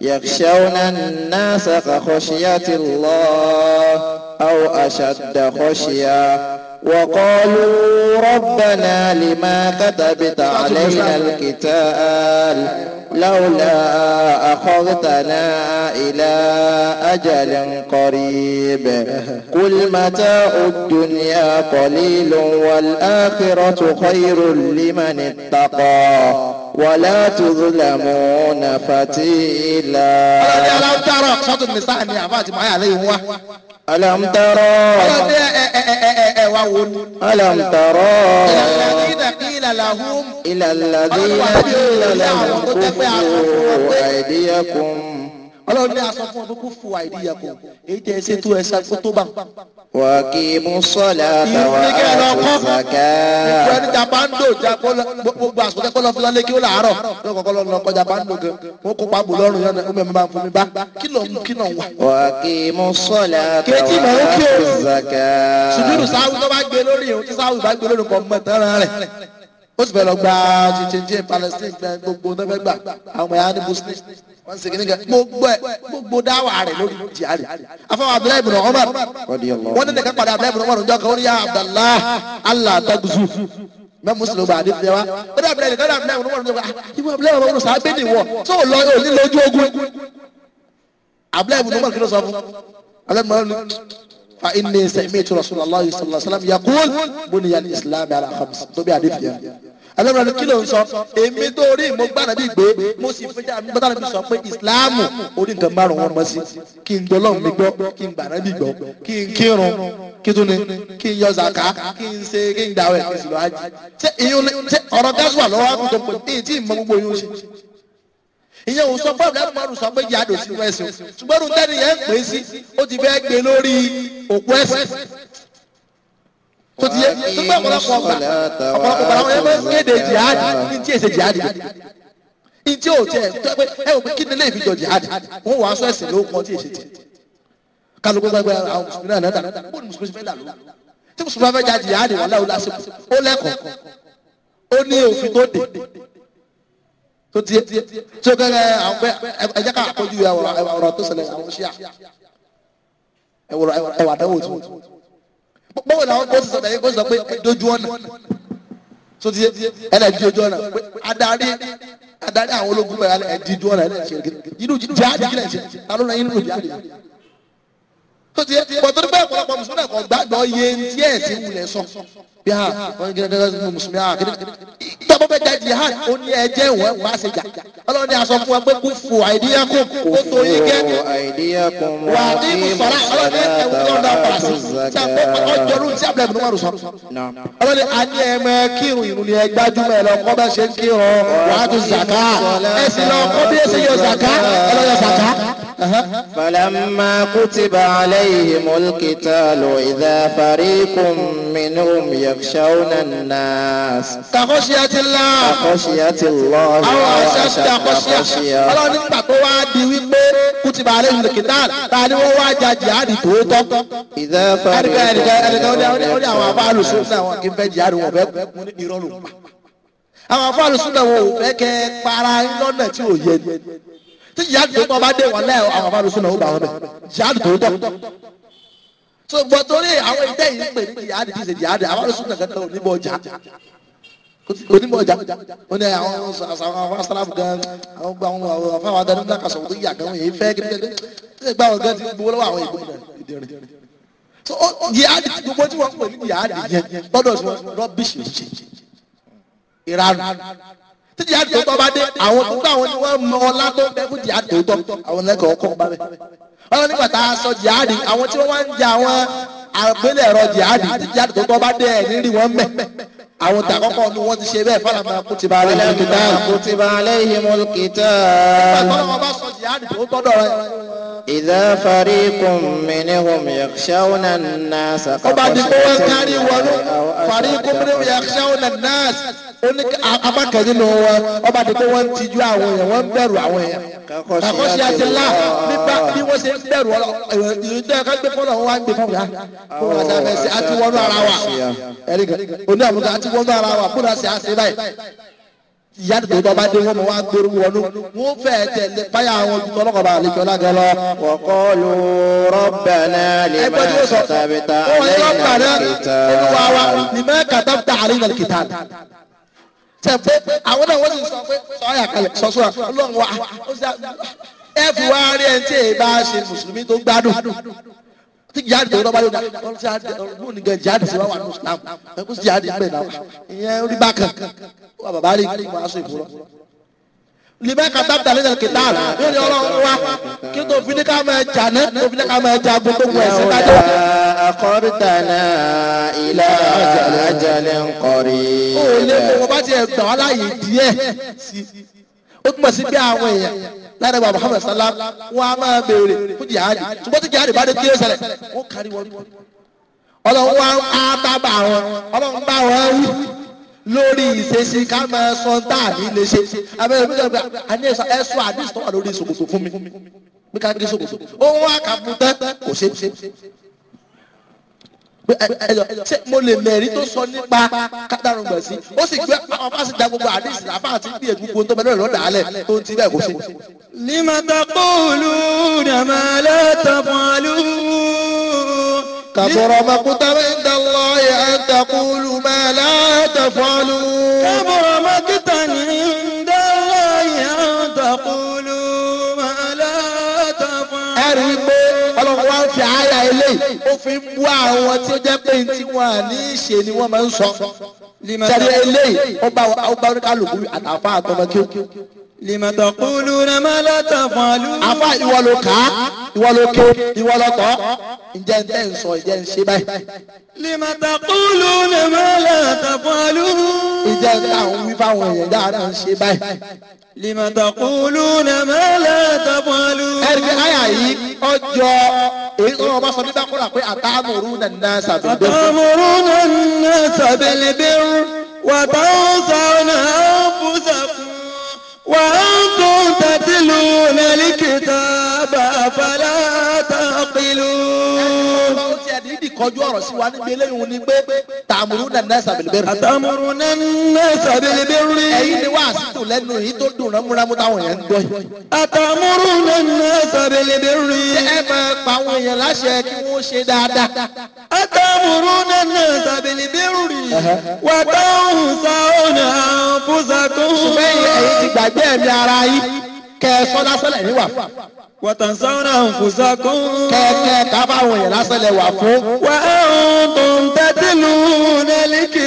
يخشون الناس كخشية الله أو أشد خشية وقالوا ربنا لما كتبت علينا القتال لولا أخذتنا إلى أجل قريب قل متاع الدنيا قليل والآخرة خير لمن اتقى wàlá tuzlamuna fatila. ọlọ́dẹ alamtara sọ́tù nìsa ni àbá àti màáyà lẹ́yìn wa. alamtara. ọlọ́dẹ ẹ ẹ ẹ ẹ ẹ wa wo ni. alamtara. ìlàlàdínà qila lahum. ìlàlàdínà qila lahum kúkú àìdíyàkùn ọlọ́run ní aṣọ fún ọdún kún fún àìríyà kò èyí tẹ ẹsẹ tó ẹsẹ kó tó bá. wà á kí mú sọ́lá tàwa àtúnṣàká. ìgbẹ́ ní jabando jago gbogbo àsọ̀tẹ́ kọ́ lọ fún lálẹ́ kí ó làárọ̀ lọ́ kọ́kọ́ lọ lọ́kọ́ jabando gan mo kó pa bòlọ́rùn yẹn ó mẹ́mọ́ bá fún mi bá kí lọ kí lọ wà. wà á kí mú sọ́lá tàwa àtúnṣàká. sùdúrù sáwù tó bá gbé lórí ìhun tí sáwù bá gbé lórí kọ́ mọ́ tán wọ́n ń segin nígbà gbogbo ẹ̀ gbogbo dáwà rẹ̀ lórí jìyà rẹ̀ afọwọ́ abdullahi ibn Omar, wọ́n ní nìkan padà abdullahi ibn umar njọ́ kan ó ní yá allah tagzu mẹ muslim bá adi fẹ wa ó dà abdullahi nìkan dà abdullahi ibn umar njọ́ kan ibo ah, abdullahi ibn umar sábẹ́ ni wọ tó o lọ òní lójú ogun abdullahi ibn umar kí sọ fún abdullahi ibn umar fa inni sami'tu rasulullah sallallahu alaihi wasallam yaqul buniyal islam ala khams tó adi fẹ ẹlẹ́mìíràn ni kí ló ń sọ èmi tó rí mo gbá nàbí gbé mo sì fẹjá mi gbọ́dọ̀ nàbí sọ pé ìsìláàmù orí nǹkan márùn-ún wọn mọ́ sí kí n gbọ́ lọ́hùn mi gbọ́ kí n gbà nàbí gbọ́ kí n kírun kí tún ni kí n yọ zaka kí n ṣe kí n dàwẹ̀ kí n sì lọ àjì ṣé ìyún ṣé ọ̀rọ̀ gáṣùwà lọ́wọ́ àkùtọ̀ pé èyí tí ì gbogbo yóò ṣe ìyẹn ò sọ fọlọ lẹnu márùn sọ pé yàdò sí ẹsẹ ṣùgbọ́n ní tẹ́lẹ̀ yẹn pè é sí ó ti fẹ́ gbé lórí òpó ẹsẹ tó ti yẹ tó gbà ọ̀pọ̀lọpọ̀ ọgbà ọ̀pọ̀lọpọ̀ ọgbà àwọn ẹgbẹ́ kéde jihad ní tí èsè jihad ní tí ò tiẹ̀ tó ẹgbẹ́ ẹ wò pé kí ni lè fi jọ jihad wọn wà aṣọ ẹ̀sìn ló kàn tí èsè tiẹ̀ kálukú gbàgbé àwọn mùsùlùmí náà nàdà bó ni mùsùlùmí fẹ́ dà ló tí mùsùlùmí fẹ́ jà jihad wà láwùlá sípò ó lẹ́kọ̀ọ́ ó ní òfin tó dé tó tiẹ̀ tó gẹ́gẹ́ àwọn ẹ̀jẹ̀ ká àpọ̀jù ẹ̀wọ̀rọ̀ tó ṣẹlẹ̀ àwọn ṣíà ẹ̀wọ̀rọ̀ ẹ̀wọ̀ báwo làwọn kò sọ bẹ́ẹ̀ kò sọ pé dojú ọ̀nà tó ti ẹlẹ́dí ojú ọ̀nà pé adarí adarí àwọn ológun bẹ̀rẹ̀ ẹ̀dí ojú ọ̀nà ẹlẹ́dí ṣe inú jáde kílẹ̀ ṣe alóòrán inú jáde tó ti yẹ pọtọ nípa ọ̀pọ̀lọpọ̀ mùsùlùmí náà kò gbàgbọ́ iye tí ẹ ti wulẹ̀ sọ bí a wọn kí ẹgbẹ́ ẹgbẹ́ mùsùlùmí a kiri tọpọ bẹ jẹ jihad ó ní ẹjẹ wọn wá sí jà ọlọ́run ní aṣọ fún wa pé kó fò àìdíyà kó kó tó yí gẹ wà ní musọlá ọlọ́run ní ẹwù tó ń da ọpàlà sí tí a kó ọkọ jọrù tí abúlé ìbùnú márùn sọ ọlọ́run ní a ní ẹmẹ kírun ìrù ni ẹ gbájúmọ́ ẹ lọ kọ bá ṣe ń kírun wàá tún zaka ẹ sì lọ kọ bí ẹ ṣe yọ zaka ẹ lọ yọ zaka. فلما كتب عليهم القتال إذا فريق منهم يخشون الناس كخشية الله كخشية الله أو أشد خشية Ọlọ́run nígbà tó wá di wípé kùtìbà alẹ́ ìlú kìtàlì ta ni wọ́n wá ja jihadi tòótọ́. Ìdá fàrí ẹnìkan ẹnìkan ó ní àwọn abáàlù sùn náà wọn kì í fẹ́ jihadi wọn fẹ́ kún ní irọ́ ló pa. Àwọn abáàlù sùn náà wọn ò fẹ́ kẹ́ para lọ́nà tí ò yẹ ni tí jihad tó tọ́ bá dé wọn lẹ́yìn àwọn bá lóṣù náà ó bá wọn bẹ̀ jihad tó tọ́ so gbọ́ torí àwọn ìtẹ́ yìí ń pè ní jihad ti ṣe jihad àwọn lóṣù náà kẹta onímọ̀ ọjà onímọ̀ ọjà ó ní àwọn àwọn asalamu gan àwọn gba àwọn àwọn afáwọn adarí náà kà sọ̀rọ̀ tó yà gan èyí fẹ́ kékeré tí gba àwọn gan ti gbowó lọ́wọ́ àwọn ìgbó so jihad gbogbo tí wọ́n pè ní jihad yẹn lọ́dọ̀ sí wọn rọ́bìṣì ìranù tí jìyà tòótọ́ bá dé àwọn tó gbà wọn ni wọ́n mọ ọlá tó ń bẹ fún jìyà tòótọ́ àwọn lẹ́kọ̀ọ́ kọ́ bá bẹ̀. wọ́n nígbà tá a sọ jihadi àwọn tí wọ́n wá ń jẹ àwọn àgbélẹ̀ ẹ̀rọ jihadi tí jìyà tòótọ́ bá dé ẹ̀ nírí wọn mẹ́. àwọn tàkọ́kọ́ ni wọ́n ti ṣe bẹ́ẹ̀ fọlọ́mọ kùtìbà alẹ́ kìtà kùtìbà alẹ́ yìí mọ́ kìtà. ìdá faríkùn mìíràn yàkṣáwọn náà sàkàkọ́ ó ní apá kan nínú wọn ọba àdìpọ̀ wọn ti ju àwọn èèyàn wọn ń bẹ̀rù àwọn èèyàn kàkọ́sí àti ńlá nígbà bí wọ́n ṣe ń bẹ̀rù ìrìntẹ́ ẹ̀ka gbé fọ́nà wọn wá ń gbé fọ́nà kó wọn sá fẹ́ sí àti wọnú ara wa oní àmúta àti wọnú ara wa kó wọn sì á sí báyìí ìyá àdìgbò tó bá dé wọn mọ wá gbóru wọnú wọn fẹ́ tẹ̀lé báyà àwọn ojútọ ọlọkọ bá àlejò lágẹ lọ. wọ́kọ́lù rọ́bẹ̀nà lèmọ̀ kàtàbí tà lẹ́yìn àlè kìtà. olùwàwà lèmọ̀ kàtàbí tà lẹ́yìn àlè kìtà tẹ pé àwọn náà wọ́n ti sọ pé sọ́yà kalẹ̀ sọ́sọ́ra ọlọ́run wa ẹ fi wá rí ẹ tí èyí bá ṣe mùsùlùmí tó gbádùn tí jihadi tó lọ́ba yóò dá ọlọ́run ní gan jihadi sí wà wà ní islam ẹ kó jihadi pè náà ìyẹn rí bákan wà bàbá rí kí wọ́n aṣọ libẹ kata tabita ale kita la o ni Ọlọ́run wa kí tó fi ní ká máa jà ní tó fi ní ká máa jà gbogbo wọn ẹsẹ ká jẹ. akọ́rìtànà ilà ajalẹ̀ nkọ́rí. o lè mú wọn bá tiẹ̀ gbà wá láàyè díẹ̀ sí i ó túmọ̀ sí pé àwọn lára ìwà Muhammad salam wọn a máa béèrè fún jihadi ṣùgbọ́n tí jihadi bá dé kílé ṣẹlẹ̀ wọ́n kárí wọn. Ọlọ́run wa á bá bá wọn Ọlọ́run bá wọn lórí ìṣesí ká máa sọ ń tà ní ilé ṣe abẹ́rẹ́ mi dọ̀gba àní ẹ̀sọ́ ẹ̀sọ́ àdìs tó wà lórí ìṣòkòtò fún mi pé ká gé ṣòkòtò òun wà ká mú tán kò ṣe ṣe mo lè mẹ̀rí tó sọ nípa kátàrún gbà sí ó sì gbé ọba sì da gbogbo àdìs àbá àti bí ègbúgbó tó bẹ̀rẹ̀ lọ́dà alẹ̀ tó ti bẹ́ẹ̀ kó ṣe. lima taquluna ma كبر مقتا عند الله أن تقولوا ما لا تفعلون كبر مقتا عند الله أن تقولوا ما لا تفعلون ẹ̀rí pé ọlọ́run wá fi àyà eléyìí ó fi ń bú àwọn tí ó jẹ́ pé tí wọ́n à ní í ṣe ni wọ́n máa ń sọ. sẹ́ni eléyìí ó bá oníkálukú àtàfà àtọmọkí lima taquluna ma la taf'alun. àfa ìwọ ló kà á ìwọ ló ké ìwọ ló kọ́ ǹjẹ́ ń tẹ́ ń sọ ǹjẹ́ ń ṣe báyìí. lima taquluna ma la taf'alun. ǹjẹ́ ń tà ń wí fáwọn èèyàn dáadáa ń ṣe báyìí. lima taquluna ma la taf'alun. ẹ̀rí pé àyà yìí ọjọ́ èyí tó wọn bá sọ nígbà kúrò pé atamuruna an-nasa bil birr. atamuruna an-nasa bil birr wa tansawna وأنتم تتلون الكتاب أفلا تعقلون kọjú ọ̀rọ̀ sí wa níbi eléyìí ni pé tààmùrúnà nẹ́ẹ̀sà bìlìbẹ́rì. àtàmùrúnà nẹ́ẹ̀sà bìlìbẹ́rì. ẹ̀yin ni wàá sùtù lẹ́nu yìí tó dùn rámúrámú táwọn yẹn ń gbọ́ yìí. àtàmùrúnà nẹ́ẹ̀sà bìlìbẹ́rì. ẹ máa pa àwọn èèyàn láṣẹ kí wọ́n ṣe dáadáa. àtàmùrúnà nẹ́ẹ̀sà bìlìbẹ́rì. wàtá òun sa òun àǹfùsà ṣùgbọ́n ẹ̀yin ti gbàgbé ẹ̀mí ara yín kẹ ẹ sọ lásán níwà fún. wọ́tàn sọ́nà fùsọ̀ kẹ̀kẹ́ kábàáwọn yẹn lásán lẹ̀ wà fún. wà á ń tẹ́tí lù ú nílìkì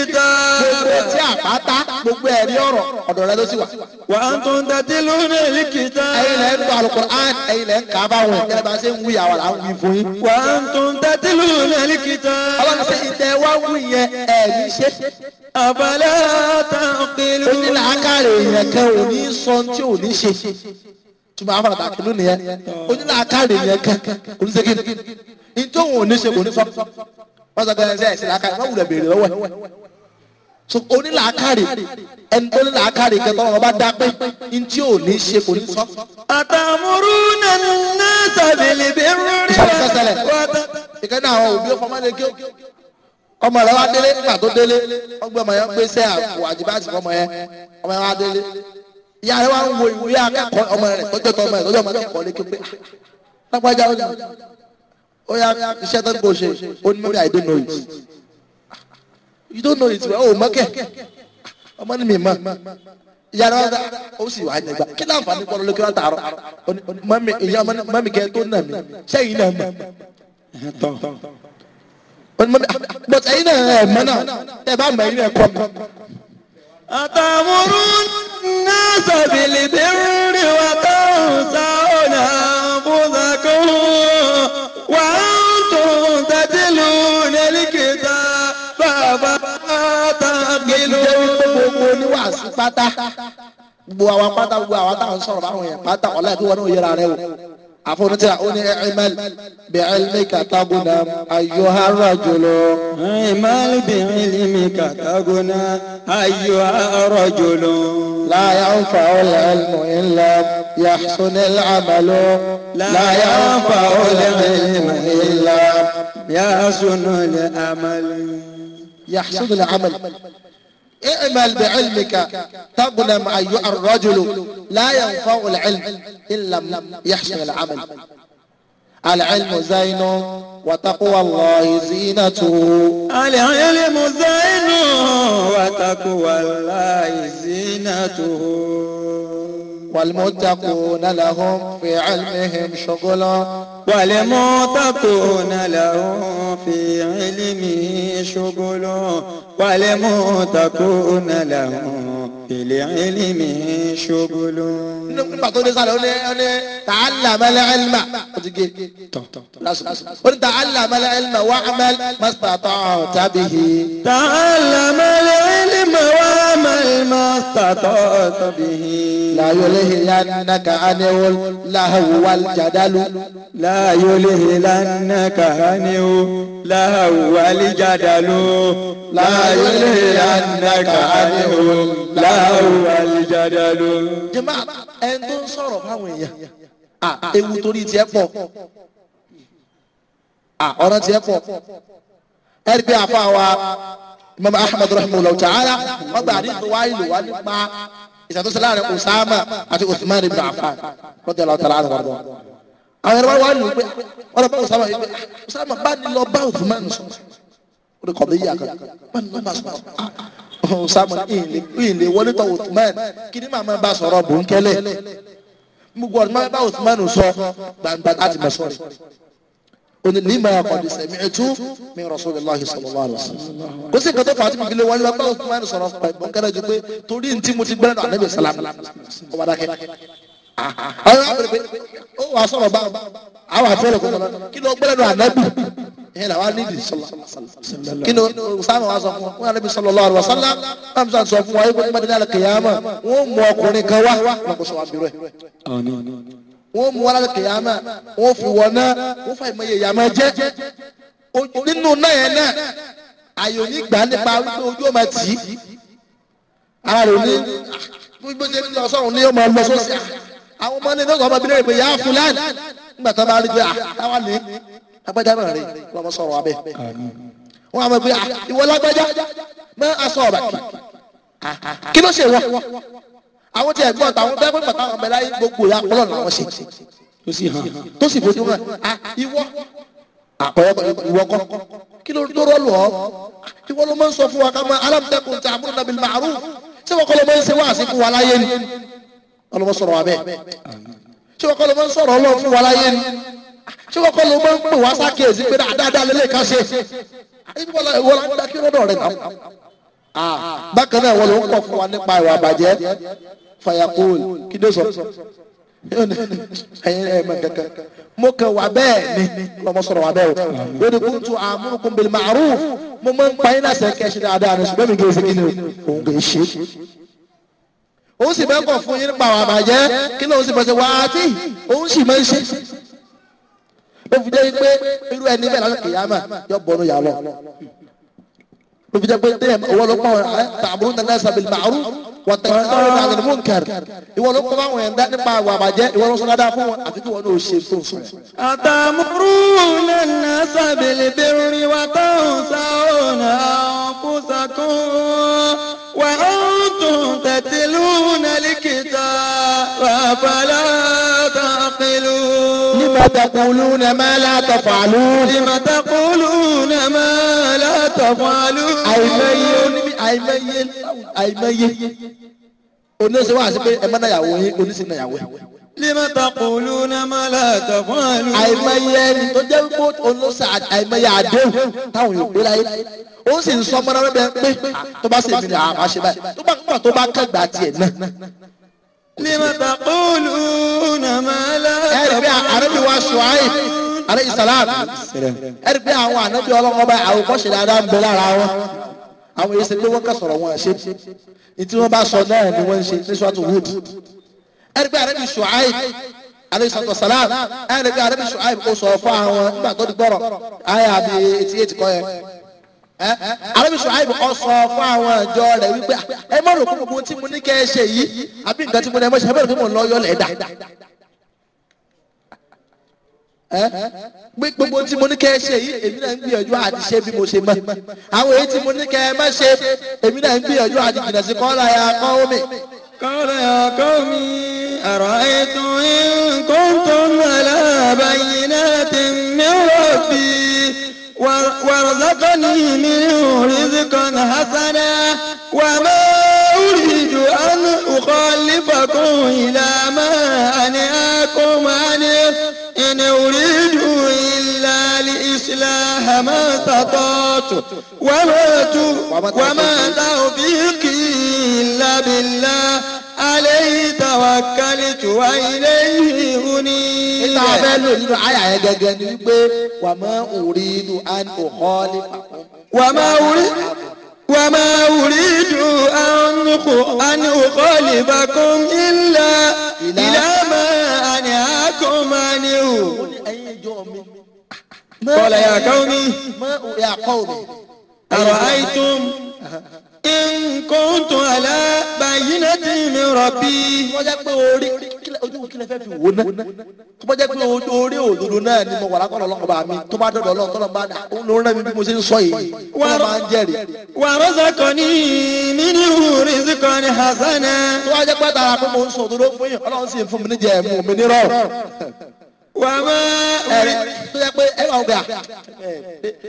gbogbo ẹ̀rí ọ̀rọ̀ ọ̀dọ̀ rẹ ló sì wà. wà á tó ń tẹ́tí lórí èyí tán. ẹ̀yin lẹ ń gbọ́ Al-Qur'an ẹ̀yin lẹ ń kà á bá wọn ẹ̀yin bá ṣe ń wí àwọn àwọn wí fún yín. wà á tó ń tẹ́tí lórí èyí kì í tán. ọlọ́run ṣe ìtẹ́ wá wù yẹn ẹ̀rí ṣe. àbálẹ́ àtàkùnrin. ó ní làákàrẹ̀ èèyàn kan ò ní sọ tí ò ní ṣe tuma afa ta kinu yẹn kẹ oníṣègùn ntòhùn oníṣègùn oníṣọ so onílàákàrè ẹni tó nílàákàrè kẹtọ ọba dá pé ntí ò ní ṣe kò ní sọ. àtàmúrú nàná sàbìlì bí rúrí wà. ìkànnì àwọn òbí ọmọdéke ọmọ rẹ wá délé nígbà tó délé ọgbẹ ọmọ yẹn pé sẹ àpò àjìbájì ọmọ yẹn ọmọ yẹn wá délé ìyá rẹ wá ń wo ìwé akẹ́kọ̀ọ́ ọmọ rẹ tọjọ tọ ọmọ rẹ tọjọ ọmọ rẹ kọ lé képe lápájá ó ah, yà iṣẹ́ tó ń gbòòṣe ó ní mẹ́rin I don't know it you don't know it well o oh, mọ́kẹ́ ọmọ ni mi mọ́ yàrá wa ó sì wà nígbà kí ló àǹfààní kọ́ lókè wọn tààrọ̀ mami ìyá mami kẹ́ tó nà mí sẹ́yìn náà mọ̀ but ẹ̀yin náà ẹ̀ mọ́ náà ẹ̀ bá mọ̀ ẹ̀yin náà kọ́ mi. أتأمرون الناس بالبر وتنسون أنفسكم وأنتم sí pátá gbogbo àwa pátá gbogbo àwa táwọn sọ̀rọ̀ báwọn yẹn pátá ọ̀la ìdíwọ́n náà yẹra rẹ o àfọwọ́nìtì à ó ní ẹ̀ẹ́mẹ́lì bẹ̀ẹ́lì kàtàgùnà ayọ̀hárà jùlọ. ẹ̀ẹ́mẹ́lì bẹ̀ẹ́lì kàtàgùnà ayọ̀hárà jùlọ. láyà ń fa ọ̀lẹ̀ ẹ̀lmù ńlá yàtúndé làmàlú. láyà ń fa ọ̀lẹ̀ ẹ̀lmù ńlá yàtúndé làmàlú. yàtúndé làmàlú. اعمل بعلمك تظلم أيها الرجل لا ينفع العلم إن لم يحسن العمل العلم زين وتقوى الله زينته العلم زين وتقوى الله زينته والمتقون لهم في علمهم شغل والمتقون لهم في علمه شغل والمتقون لهم في علمه شغل تعلم العلم تعلم العلم واعمل ما استطعت به تعلم العلم واعمل ما استطعت به لا يلهينك عن اللهو والجدل لا يلهينك عن اللهو والجدل لا يلهينك عن اللهو والجدل جماعة ẹni tó ń sọ̀rọ̀ fáwọn èèyàn ah ewu torí tiẹ̀ pọ̀ ah ọ̀rọ̀ tiẹ̀ pọ̀ ẹ̀rí pé àfa wa Imam Ahmad rahimahullah ta'ala wọ́n gbà àdéhùn wáyé lò wá nípa ìṣàtúnṣe láàrin Usama àti Uthman ibn Affan lọ́dọ̀ ọ̀la ọ̀tàlá àtàwọn ọ̀dọ́ àwọn ẹ̀rọ wa nù pé wọ́n lọ bá Usama yìí pé ah, Usama bá ní lọ bá Uthman sọ ó ní kọ̀ọ̀bẹ yíyà kan bá ní lọ bá sọ ah, ah, Usama ìlè wọlé tọ Uthman kí ni màmá bá sọ̀rọ̀ bòńkẹ́lẹ̀ gbogbo ọ̀dùnmọ́ bá Uthman sọ gbàǹgbà láti mọ̀ sọ̀rọ̀ oni lima kọdi sẹmi etu mi rasulillahi sallallahu alaihi wa sallam kò sí nǹkan tó fà á ti fi lé wọn ní wàá kó wọn sọ̀rọ̀ pa ìbọn kẹrẹ ju pé torí ntí mo ti gbẹrẹ náà anabi salam ọba dákẹ́ àwọn abèrè pé ó wàá sọ̀rọ̀ bá àwọn àfẹrẹ kò sọ̀rọ̀ kí ló gbẹrẹ náà anabi ẹ là wà nídìí sọlọ kí ló sáwọn wa sọ fún wa wọn anabi sallallahu alaihi wa sallam fún wa ayé kò ní ma dín ní alẹ kìyàmà wọn kan wá wọn kò sọ wọ́n mú wàhálà kìyàmà wọ́n fi wọ́n náà wọ́n fà ìmọ̀ yẹ̀yàmà jẹ́ nínú náà yẹn náà àyò nígbà nípa wípé ojú ọmọ tì í ara rẹ̀ ní gbogbo ah, ṣe ń lọ sọ́run ní ọmọ lọ sọ́sì ah. àwọn ọmọ ní ọmọ bí lẹ́yìn pé yà á fún láì nígbà tó bá rí pé àwa ah, ní agbájá náà rè wọ́n mọ sọ̀rọ̀ abẹ́ wọ́n á mọ̀ pé ìwọ lágbájá kí ló ṣe wọ́n àwọn tí ẹ̀gbọ́n tàwọn bẹ́ẹ̀ pé bàtà àwọn ọmọ ẹláyé gbogbo ya kọlọ làwọn ṣe tó sì hàn tó sì fojú hàn à ìwọ àkọyọ ìwọ kọ kí ló tó rọlù ọ ìwọ ló máa ń sọ fún wa ká máa alámùtẹkùn tí àmúlò nàbí màrú ṣé wọn kọ ló máa ń ṣe wá àṣekú wa láyé ni ọlọmọ sọ̀rọ̀ wa bẹ́ẹ̀ ṣé wọn kọ ló máa ń sọ̀rọ̀ Ọlọ́run fún wa láyé ni ṣé wọn kọ ló máa ń pè wá sákèésí pé dáadáa lélẹ ká ṣe ìwọ lọ Ah. bákan náà wọn ló ń kọ fún wa nípa ìwà àbàjẹ́ fayakul kí ló sọ ẹyin ẹ mọ kankan mo kàn wà bẹ́ẹ̀ ni lọ́mọ sọ̀rọ̀ wà bẹ́ẹ̀ o lórí kútu amurukum bil ma'ruf mo máa ń pa yín láṣẹ kẹ́ṣí dáadáa ní ṣùgbọ́n mi kì í ṣe kí ni òun kì í ṣe òun sì bẹ́ẹ̀ kọ̀ fún yín nípa àwọn àbàjẹ́ kí lóun sì bọ̀ sí wàá tí òun sì máa ń ṣe ló fi jẹ́ pé irú ẹni bẹ́ẹ̀ lálẹ́ kìyàmà yọ bọ́nu yà lọ lóbi jẹ́ pé tẹ́lẹ̀ ìwọ ló pọ̀ tààmùrún náà sàbìlì màrú wọ́n tẹ̀wọ́n náà lọ́wọ́ àlẹ́ mú nkàr ìwọ ló pọ̀ báwọn ẹ̀dá nípa àwọn àbàjẹ́ ìwọ ló sọ́dá fún wọn àti kí wọn náà ṣe tó fún ẹ. لم تقولون ما لا تفعلون لم تقولون ما لا تفعلون àìmọye àìmọye àìmọye oníṣẹ́ wà sí pé ẹ mọ́nà ìyàwó yín oníṣẹ́ náà ìyàwó yín. lima taquluna ma la àìmọye ẹni tó jẹ́ pé olóṣà àìmọye àdéhùn táwọn yóò gbé láyé ó sì ń sọ mọ́nà bẹ́ẹ̀ pé tó bá sì fi àmà ṣe báyìí tó bá kẹ́gbà tiẹ̀ náà lima taquluna ma la. ẹ̀rí pé ànábì wa Ṣuaib aleyhi salam ẹ̀rí pé àwọn ànábì ọlọ́wọ́ bá àwòkọ́ṣe dáadáa ń bẹ lára wọn àwọn náà ni wọ́n ń ṣe ní sọ́tù Hud ẹ̀rí pé ànábì Ṣuaib salam ẹ̀rí pé ànábì Ṣuaib kò sọ fún nígbà tó di gbọ́rọ̀ ayé àbí etí etí kọ́ yẹn arábì Ṣuaibu kọ́ sọ fún àwọn ìjọ rẹ̀ wípé ẹ má rò gbogbo tí mo ní kẹ́ ẹ ṣe yìí àbí nǹkan tí mo ní ẹ mọ̀ ṣe ẹ bẹ̀rẹ̀ pé mo ń lọ yọ lẹ́dà gbogbo tí mo ní kẹ́ ẹ ṣe yìí èmi náà ń gbìyànjú àti ṣe bí mo ṣe mọ̀ àwọn èyí tí mo ní kẹ́ ẹ má ṣe èmi náà ń gbìyànjú àti jìnnà sí kọ́ra ya kọ́ omi. kọ́ra ya kọ́ omi ọ̀rọ̀ ètò ìkóńtò mọ̀lá bàyìnà وارزقني منه رزقا حسنا وما أريد أن أخالفكم إلى ما أنهاكم عنه إن أريد السلاح ما استطعت وما وما توفيقي إلا بالله عليه توكلت وإليه أنيب. níta abẹ́ lò nínú àyà yẹn gẹ́gẹ́ ni wípé wà má òrí inú an òhọ́lì. wà má òrí wà má òrí inú an òhọ́lì bàkún ilà ilà. قال يا قومي يا قومي أرأيتم إن كنت على بينة من ربي ojú kí lẹ fẹ́ fi wò ná tó bá jẹ́ pé orí òdodo náà ni mo wà lákọ̀ọ́ lọ́kọ̀ bá mi tó bá dọ̀dọ̀ lọ́kọ̀ tó bá dà ó ló rán mi bí mo ṣe ń sọ yìí ó máa ń jẹ́rìí. wà á ní mí ní ìhùrì ní hasana. tó bá jẹ́ pé tààrà ń sọ òdodo fún yìí ọlọ́run sì ń fún mi níjẹ̀ẹ́ mú mi nírọ̀ wà má ẹrẹ tó yẹ pé ẹ wà ó gbà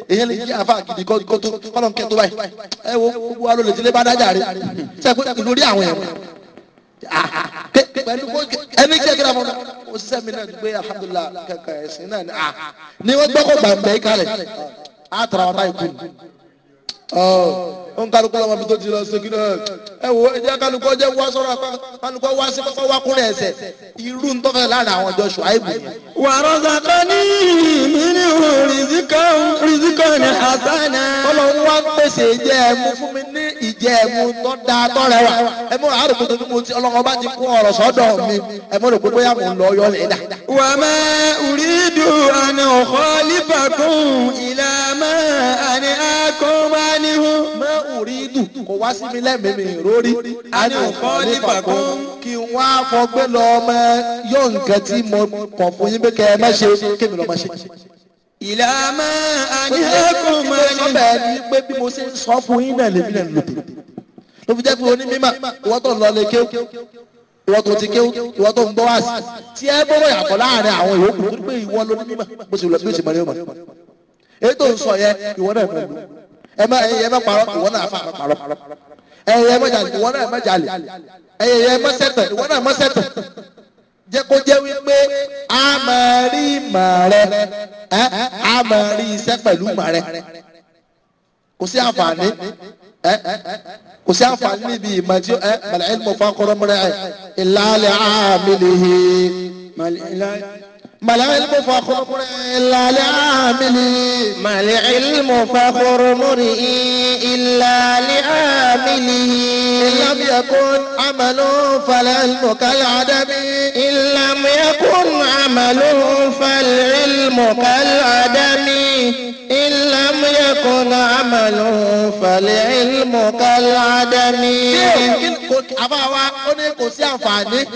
èyàn lè jí àfa gidi kó tó kọlọ́n kẹ́ tó báyìí ẹ wo gbogbo wa ló lè tilé bá dájà rẹ sẹ́kù ìlú rí àwọn ẹ̀wọ̀n pẹ̀lú ẹni kí ẹ kí ẹ fọ́n o ṣiṣẹ́ mi náà gbé alhamdulilah kẹkẹ ẹ̀sìn náà ni wọ́n gbọ́kọ̀ gbàgbẹ́ kalẹ̀ á tara wọn báyìí kú ó oh, ń kálukú lọ́mọ bí tó ti lọ segin náà ẹ wo ẹ jẹ́ kálukú ọjẹ́ wá sọ́ra kálukú wá sí kọ́kọ́ wá kúrẹ́ ẹsẹ̀ irú ń tọ́fẹ́ lára àwọn ọjọ́ ṣùáìbù yẹn. wàrọ̀ sàkọ́ ní mi ní o rìzíkọ́ ní hasana. ọlọ́run wá ń pèsè ìjẹ́ ẹ̀mú fún mi ní ìjẹ́ ẹ̀mú tó da tọ́ rẹ wa ẹ̀mú àròkò tó dúpọ̀ tí ti kún ọ̀rọ̀ sọ́dọ̀ mi ẹ̀mú rò gbogbo yà mò lọ yọ lẹ́dà. wà á máa uridu àná anihu mẹ́ òrìdù kò wá sí mi lẹ́mìí rórí. anihu kọ́ ní bàgún. kí n wá fọgbẹ́ lọ ọmọ yóò nǹkan tí mo kàn fún yín pé kẹ́ ẹ má ṣe kémi lọ́ọ́ má ṣe ìlàmà àníhàkùn máa ní. sọ́bẹ̀ ni pé bí mo ṣe ń sọ fún yín náà lèmi náà lòdì. ló fi jẹ́ pé onímọ̀ ìwọ́n tó ń lọ lè kéwù ìwọ́n tó ti kéwù ìwọ́n tó ń gbọ́ wá sí. tí ẹ bọ́wọ́ yàtọ̀ láàrin àwọn ìyókù tó ń pè ìwọ́n lónímọ̀ bó ṣe lọ bí ó ṣe mọ̀ ní ọmọ. èyí ń sọ yẹn ìwọ́n náà lọ ẹ má ẹyẹ má parọ́ ìwọ náà má parọ́ ẹyẹ má jalè ìwọ náà má jalè ẹyẹ má sẹtẹ ìwọ náà má sẹtẹ jẹ́ kó jẹ́ wípé a máa rí ìmọ̀ rẹ a máa rí iṣẹ́ pẹ̀lú ìmọ̀ rẹ kò sí àǹfààní kò sí àǹfààní níbi ìmọ̀ tí mọ̀lẹ́ ẹni mo fa kọ́rọ́ mọ́rẹ́ ẹ̀ ìlàlẹ̀ àmì nìyí. ما العلم فخر إلا لعامله ما العلم فخر مرئي إلا لعامله إن لم يكن عمله فالعلم كالعدم إن لم يكن عمله فالعلم كالعدم إن لم يكن عمله فالعلم كالعدم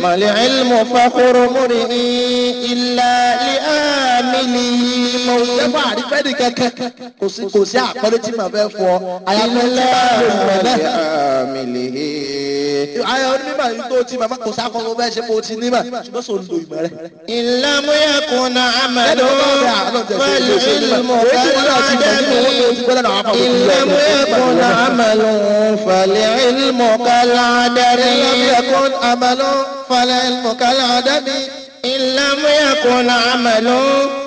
ما العلم فخر مرئي إلا lẹ́ẹ̀mìlì mo fẹ́ fún àrífẹ́ni kẹ̀kẹ́ kò sí kò sí àpẹẹrẹ tí màá fẹ́ fọ ayáfẹ́ tí màá fẹ́ fọ bẹ́ẹ̀. ayọ̀ ní tó ti màmá kò sáà kọ́kọ́ bẹ́ẹ̀ ṣe mo ti ní mà ṣùgbọ́n sọ lò ìmọ̀ rẹ̀. ìlàmúyẹ̀kùn náà àmàlò pẹ̀lú ìlmọ̀ kálá ìlàmúyẹ̀kùn náà àmàlò fẹ̀lẹ̀ ìlmọ̀ kálá dẹ̀rẹ̀ ìlàmúyẹ̀kùn àmàlò fẹ̀lẹ̀ ìlmọ̀ dẹ̀rẹ̀ إن لم يكن عمل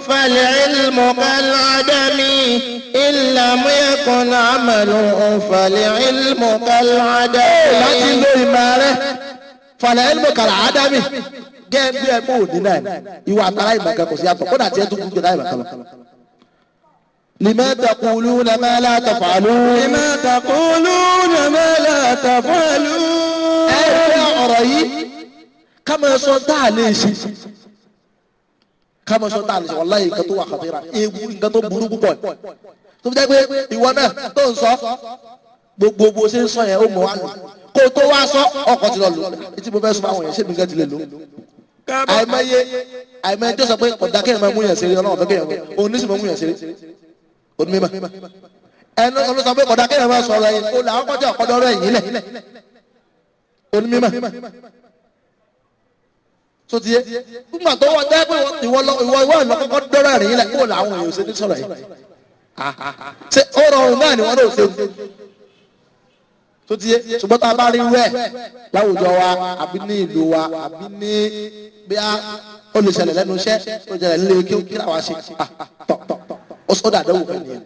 فالعلم كالعدم إن لم يكن عمل فالعلم كالعدم láti lo ìmọ̀ فالعلم كالعدم gẹ́gẹ́ bí ẹgbẹ́ òdì يو ìwà àtàrà ìmọ̀ kan kò sí àtọ̀ kódà tí لما تقولون ما لا تفعلون لما تقولون ما لا تفعلون ẹ rí ká máa sọ tá a lè ṣe ká máa sọ tá a lè ṣe wàláyé nǹkan tó wà kàtẹ́rà ewu nǹkan tó burú púpọ̀ tó fi jẹ́ pé ìwọ náà tó ń sọ gbogbo ṣe ń sọ yẹn ó mọ̀ wá lò kó tó wá sọ ọkọ̀ ti lọ lò etí mo fẹ́ sọ fáwọn yẹn ṣé mi gẹ́ ti lè lò àìmọye àìmọye tó sọ pé ọ̀dà kẹ́yìn máa mú yàn ṣeré ọlọ́run fẹ́ kẹ́yìn òun ní sì máa mú yàn ṣeré òun mímọ́ ẹnu ọlọ́run sọ pé ọ̀dà kẹ́yìn máa sọ ọ̀rọ̀ yẹn ó tí ọ̀kọ́ dọ́rọ̀ ẹ̀yìn tó ti yé gbogbo àtọ́ wọn jẹ́ pé ìwọ ìwọ ìwọ ìlọ kọ́kọ́ dọ́rọ̀ rìn ilẹ̀ kó làwọn èèyàn ṣe ní sọ̀rọ̀ yìí ṣe ó rọrùn náà ni wọ́n náà ṣe tó ti yé ṣùgbọ́n tá a bá rí rẹ̀ láwùjọ wa àbí ní ìlú wa àbí ní bí a ó lè ṣẹlẹ̀ lẹ́nu iṣẹ́ ó lè ṣẹlẹ̀ nílé kí ó kí làwọn ṣe ah, tọ̀ tọ̀ ó sọ́dà dẹ́wò pẹ̀lú yẹn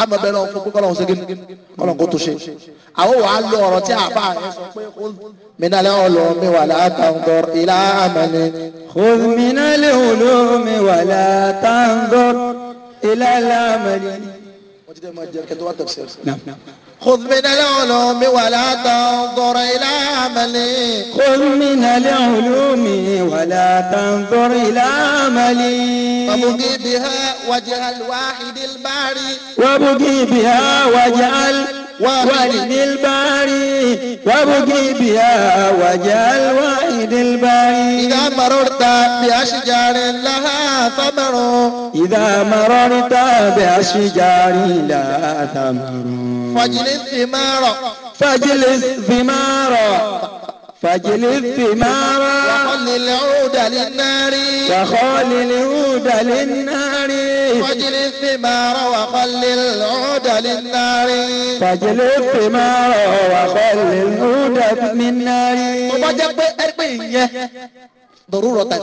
àmọ́ bẹ́ẹ̀ náà fún kọ́lọ́hún ṣe kíni kọ́lọ́hún kó tó ṣe. àwọn wàá lo ọ̀rọ̀ tí àbá rẹ sọ pé minale olómi wàlá tangor ilá amani. khudh minale olómi wàlá tangor ilá amani. wọ́n ti dẹ́ máa jẹ́ kẹ́tọ́ wá tẹ̀síọ̀. خذ من العلوم ولا تنظر إلى عملي خذ من العلوم ولا تنظر إلى عملي وابقي بها وجه الواحد الباري وابقي بها وجه الواحد الباري وابقي بها وجه الوعيد البعيد إذا مررت بأشجار لها ثمر إذا مررت بأشجار لها ثمر فاجلس ثمارا فاجلس ثمارا فاجلد ثمارا وخل العود للنار وخل العود للنار فاجلد ثمار وخل العود للنار فاجلد ثمار وخل العود للنار tó bá jẹ́ pé ẹ pé ìyẹn dòrúrọ̀ tán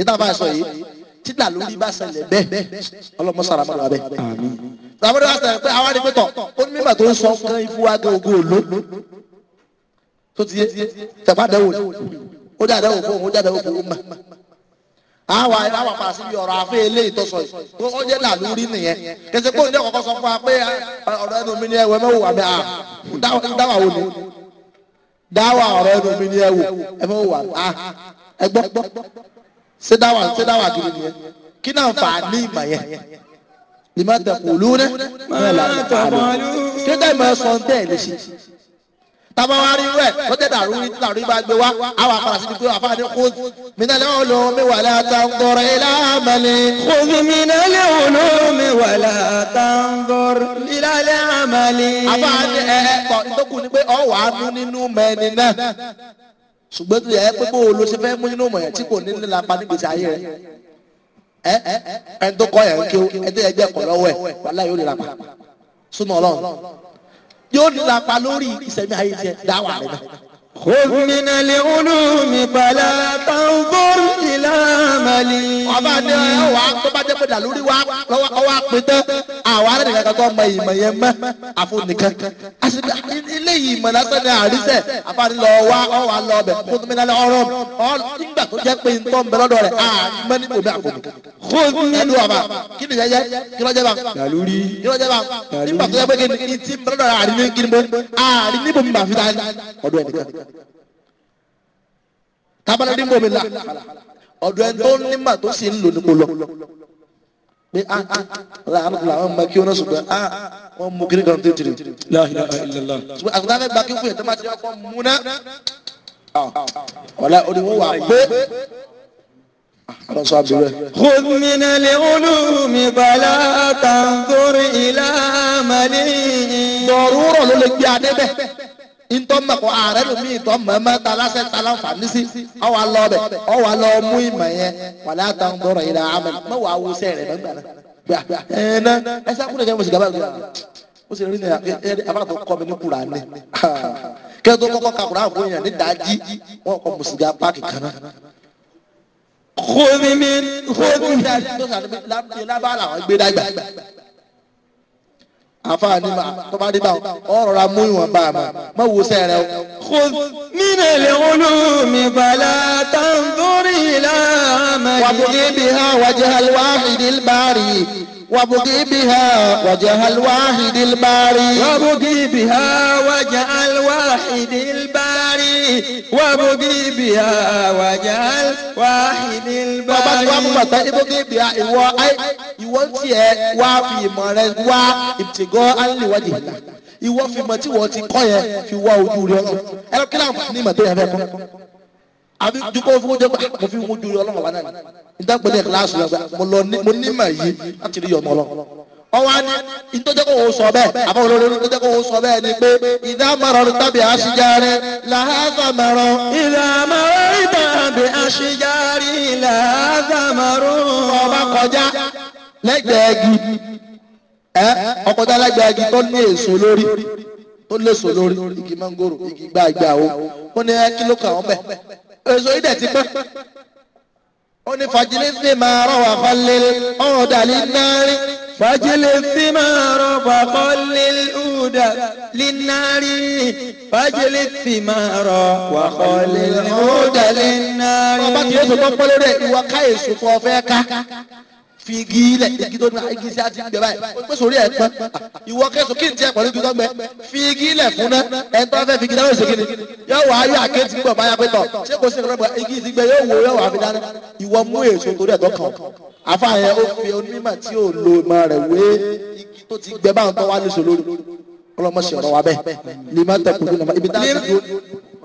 ìta bá a sọ yìí títà lórí bá ṣẹlẹ̀ bẹ́ẹ̀ ọlọ́mọ sára máa wà bẹ́ẹ̀. àmín. tàbí wọ́n ti sọ pé àwọn àdìpẹ́tọ̀ ó ní mímọ̀ tó ń sọ kán ifú wa gé ogún òló tó ti yé tẹ̀bá dẹ́wò ó dá dẹ́wò fún òun ó dá dẹ́wò fún òun mà. àwa àwa pa síbi ọ̀rọ̀ àfẹ́ ilé ìtọ́sọ yìí tó ó jẹ́ làlúrí nìyẹn kẹsì pé òun jẹ́ kọ́kọ́ sọ fún wa pé ọ̀rọ̀ ẹnu mi ni ẹwẹ́ mẹ́wò àmì à dáwà wò ni dáwà ọ̀rọ̀ ẹnu mi ni ẹwò ẹmẹ́wò àmì à ẹgbọ́ ṣé dáwà ṣé dáwà gidi nìyẹn kí náà fà ní ìmọ̀ yẹn lè má tẹ̀kù lónẹ́ mẹ́rin làbẹ̀ àlọ́ kí tábà wá rí rẹ̀ tó tẹ̀ dàrú rí dàrú bá gbé wá àwọn àpàrà síbi pé àfa ni kó minalẹ̀ olú mi wà látàndọ̀rọ̀ ìlàmàlẹ̀. kòtù minalẹ̀ olú mi wà látàndọ̀rọ̀ ìlàmàlẹ̀. àfa ni ẹ ẹ kọ ìtọ́kù ni pé ọ wà á nú nínú mẹ́ni náà ṣùgbọ́n tó yẹ pé bó o lo ṣe fẹ́ mú nínú mọ̀ yẹn tí kò ní nílá pa nígbèsè ayé rẹ̀ ẹ ẹni tó kọ́ yẹn kí o ẹni tó yẹ gbẹ́ kọ́ lọ́wọ́ ẹ̀ wàhálà yóò lè rà pa súnmọ́ ọlọ́run yóò nílapa lórí ìsẹ̀mí ayé tiẹ̀ dáwà rẹ̀ náà. خذ من العلوم فلا تنظر إلى ملي. ọba ní ẹ wà tó bá jẹ́ pé dàlúrí wa ọwọ́ àpètẹ́ àwọn ará nìkan kankan ọmọ ìmọ̀ yẹn mọ́ àfún nìkan. àṣìbí ilé yìí ìmọ̀ lásán ni àrísẹ̀ àfààní lọ wá ọwọ́ àlọ́ ọbẹ̀ fún mi lálẹ́ ọ̀rọ̀ nígbà tó jẹ́ pé nǹkan bẹ lọ́dọ̀ rẹ̀ àmọ́ ní òbí àkókò. خذ من ọba kí ni yẹyẹ kí ló jẹ́ bá. dàlúrí kí ló jẹ́ bá. nígbà tó jẹ́ pé kí ni ti bẹ lọ́dọ̀ rẹ̀ àrí tábàlẹ́ dín bòmí là ọ̀dọ̀ ẹni tó nímà tó sì ń lò ní kò lọ pé a ah, ah, ah, làwọn máa kí wọn ṣùgbọ́n a wọn mú kiri kan tó tiri. láhìlá ilàlá. ṣùgbọ́n àgùntàn fẹ́ gba kí fún yẹn tó máa ti ọkọ múná. ọ̀la oníwọ̀n wà pé. Àwọn sọ àbẹ̀rẹ̀. Kùmìnà lè olùmí bàlá tàǹtórí ìlà màlí. Dọ̀rú rọ̀ ló lè gbé adé bẹ́ẹ̀ ntọ́mọ̀ kọ́ ààrẹ ló mí ntọ́mọ̀ mẹ́ talasẹ́ talanfààní sí ọwà lọ bẹ ọwà lọ mú ìmọ̀ yẹn wàlẹ́ àtàn dọ́rọ̀ yìí náà amẹ́ mẹ́ wàá wusẹ́ rẹ̀ mẹ́gbà náà ẹ̀ẹ́nà ẹ̀sẹ̀ kúrò jẹ́ mọ̀sí gabaru ó sì rí ni abáàtò kọ́ mi ní kura ni kí ẹ tó kọ́kọ́ ka kura àbúrò yẹn ní dájí wọn kọ mọ̀sí ga páàkì kan náà. kó mi mi kó mi àfààní ma tó bá dé bá ọ rọra mú ìwọ̀n bá a ma má wo sẹ́ rẹ o. khudh min al-ulumi fala tanzur ila amali. wabghi biha wajha al-wahid al-bari. وابقي بها وجه الواحد الباري وابقي بها وجه الواحد الباري wàbùgì bìyà wàjàl wàhìnì báyìí. bàbá tí wàá mú bàtà ibùgì bìyà ìwọ ìwọ tiẹ̀ wá fi ìmọ̀ rẹ wá ìtìgọ́ alìwájì ìwọ fìmọ̀ tí wọ́n ti kọ́ yẹn fi wá ojú rẹ ọ̀sán ẹ̀rọ kí láǹfà ní ìmọ̀ tó yẹ fẹ́ kọ́ àbí dukọ fún jẹ kó ah, fi wọn ju Ọlọ́run wa náà ah, ní ìdápẹ́lẹ̀ kíláàsì rẹ mo ní mà yìí láti rí ọmọ Ọlọ́run ọwọ́ ni ìtọ́jẹ́kọ̀ òun sọ bẹ́ẹ̀ àbọ̀ olórí ìtọ́jẹ́kọ̀ òun sọ bẹ́ẹ̀ ni pé ìdá mọ̀rọ̀ tàbí àṣìjáre làhásà mọ̀rọ̀. ìdá mọ̀rọ̀ tàbí àṣìjáre làhásà mọ̀rọ̀. ọba kọjá lẹ́gbẹ̀ẹ́ igi ẹ ọkọjá lẹ́gbẹ̀ẹ́ igi tó ní èso lórí tó léso lórí igi mángòrò igi gbàgbà o ó ní kí ló kàn án bẹ́ẹ̀ èso yìí dẹ̀ ti pẹ́ ó ní fàjílì sí máa rọ̀ wá fálẹ̀ ọ̀rọ̀ dàlí náírì. fàjílì sí máa rọ̀ wá fálẹ̀ ọ̀dà línárì. fàjílì sí máa rọ̀ wá fálẹ̀ ọ̀dà línárì. ọba tí yóò tó gbọ́ pọ́lẹ́rẹ́ ìwà káyèsí fún fẹ́ ká fi igi ilẹ̀ igi tó ní igi sí àti gbẹ̀bá yìí ó pèsè orí ẹ̀ pọ́n ìwọ kẹsàn kí n tiẹ̀ pẹ̀lú igi tó gbẹ fi igi ilẹ̀ fún ná ẹ̀ tó fẹ́ fi igi dáná ìṣègì ni yóò wá ayé àkéjì gbọ̀ báyà pé tọ̀ ṣé kò sí ìrọ̀lẹ́ igi ti gbẹ yóò wò yóò wà fi dáná ìwọ mú èso torí ẹ̀ tó kàn àfààyàn ó fi onímọ̀ tí ò lo ìmọ̀ rẹ̀ wé igi tó ti gbẹ báwọn tó wá ní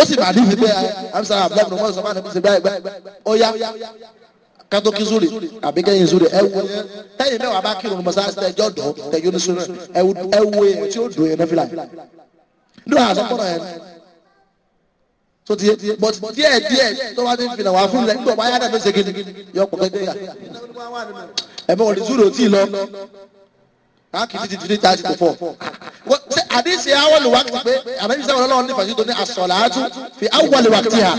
ó sì máa nífi pé amsara abdulayi bin umar sọfà nàbí sèbá ẹgbẹ ọyá katoki zuri àbí kẹyìn zuri ẹwọ tẹyìn mẹwàá bá kírun mọsá tẹjọ dọ tẹjọ ní sunu ẹwọ yẹn tí ó dùn yẹn nẹfìlà nínú àzọkọrọ yẹn tó ti yé bọ́t díẹ̀ díẹ̀ tó bá ti fi nà wá fún rẹ̀ nígbà wáyà dàbí segin yọ pọ̀ kẹ́kẹ́ yà ẹ̀mẹ́ wọ̀n ní zuri ò tí ì lọ káàkiri ti di ní tààtì tó fọ̀ ṣé àdìsí awọ́lù wa ti pé àbẹ́bí sábà lọ́wọ́ ní fàṣítò ní asọ̀làátú fi awọ́lù wa ti hà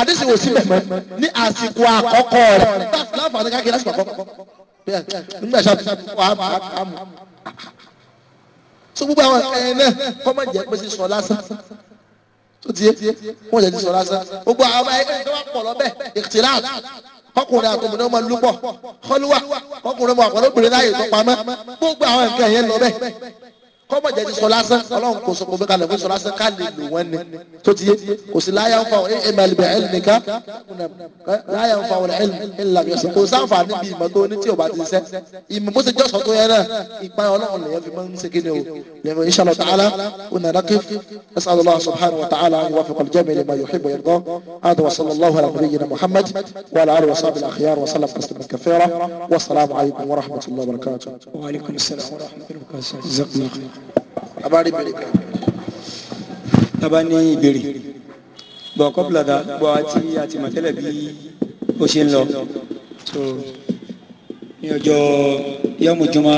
àdìsí wò sí bẹ̀mọ́ ní àsìkò àkọ́kọ́ rẹ̀ láǹfààní káàkiri lásìkò àkọ́kọ́ nígbà sábà wà á mú so gbogbo àwọn ẹ̀yìn náà kọ́ máa jẹ́ pé sí sọ lásán tó tiẹ̀ wọ́n jẹ́ sí sọ lásán gbogbo àwọn ẹ̀yìn tó wà pọ̀ lọ́bẹ̀ ìtìlá kọkùnrin àtọmọdé ọmọ lúpọ̀ kọlùwà kọkùnrin ọmọ àpọ̀lọ́gbìnrin láàyè tó pamọ́ gbogbo àwọn nǹkan yẹn lọ bẹ́ẹ̀ kọ́mọ̀ jẹ́ ti sọ lásán ọlọ́run kò sọ pé kalẹ̀ fún sọ lásán ká lè lò wọ́n ni tó ti yé kò sí láyà ń fa ọ̀ ẹ̀ mẹ́lì bẹ̀ ẹ̀lì nìkan láyà ń fa ọ̀ ẹ̀lì ńlá mi kò sáǹfà níbi ìmọ̀ ní tí o bá ti sẹ́ ìmọ̀ bó ti jọ́sọ̀ tó yẹ náà ìpa ọlọ́run lèyẹ fi máa ń ṣe kíni o lẹ́nu insha Allah ta'ala ọ̀nà rákì أسأل الله سبحانه وتعالى أن يوفق الجميع لما يحب ويرضى هذا وصلى الله على نبينا وصحبه الأخيار وسلم تسليما كثيرا والسلام عليكم ورحمة الله وبركاته وعليكم السلام ورحمة الله وبركاته جزاكم الله خير a bá rí ìbéèrè kan. a bá ní ìbéèrè bọ̀ kọ́pìlàdà gbọ́ àti àti mọ̀tẹ́lẹ̀ bí ó ṣe ń lọ ní ọjọ́ yọmùjúmọ́.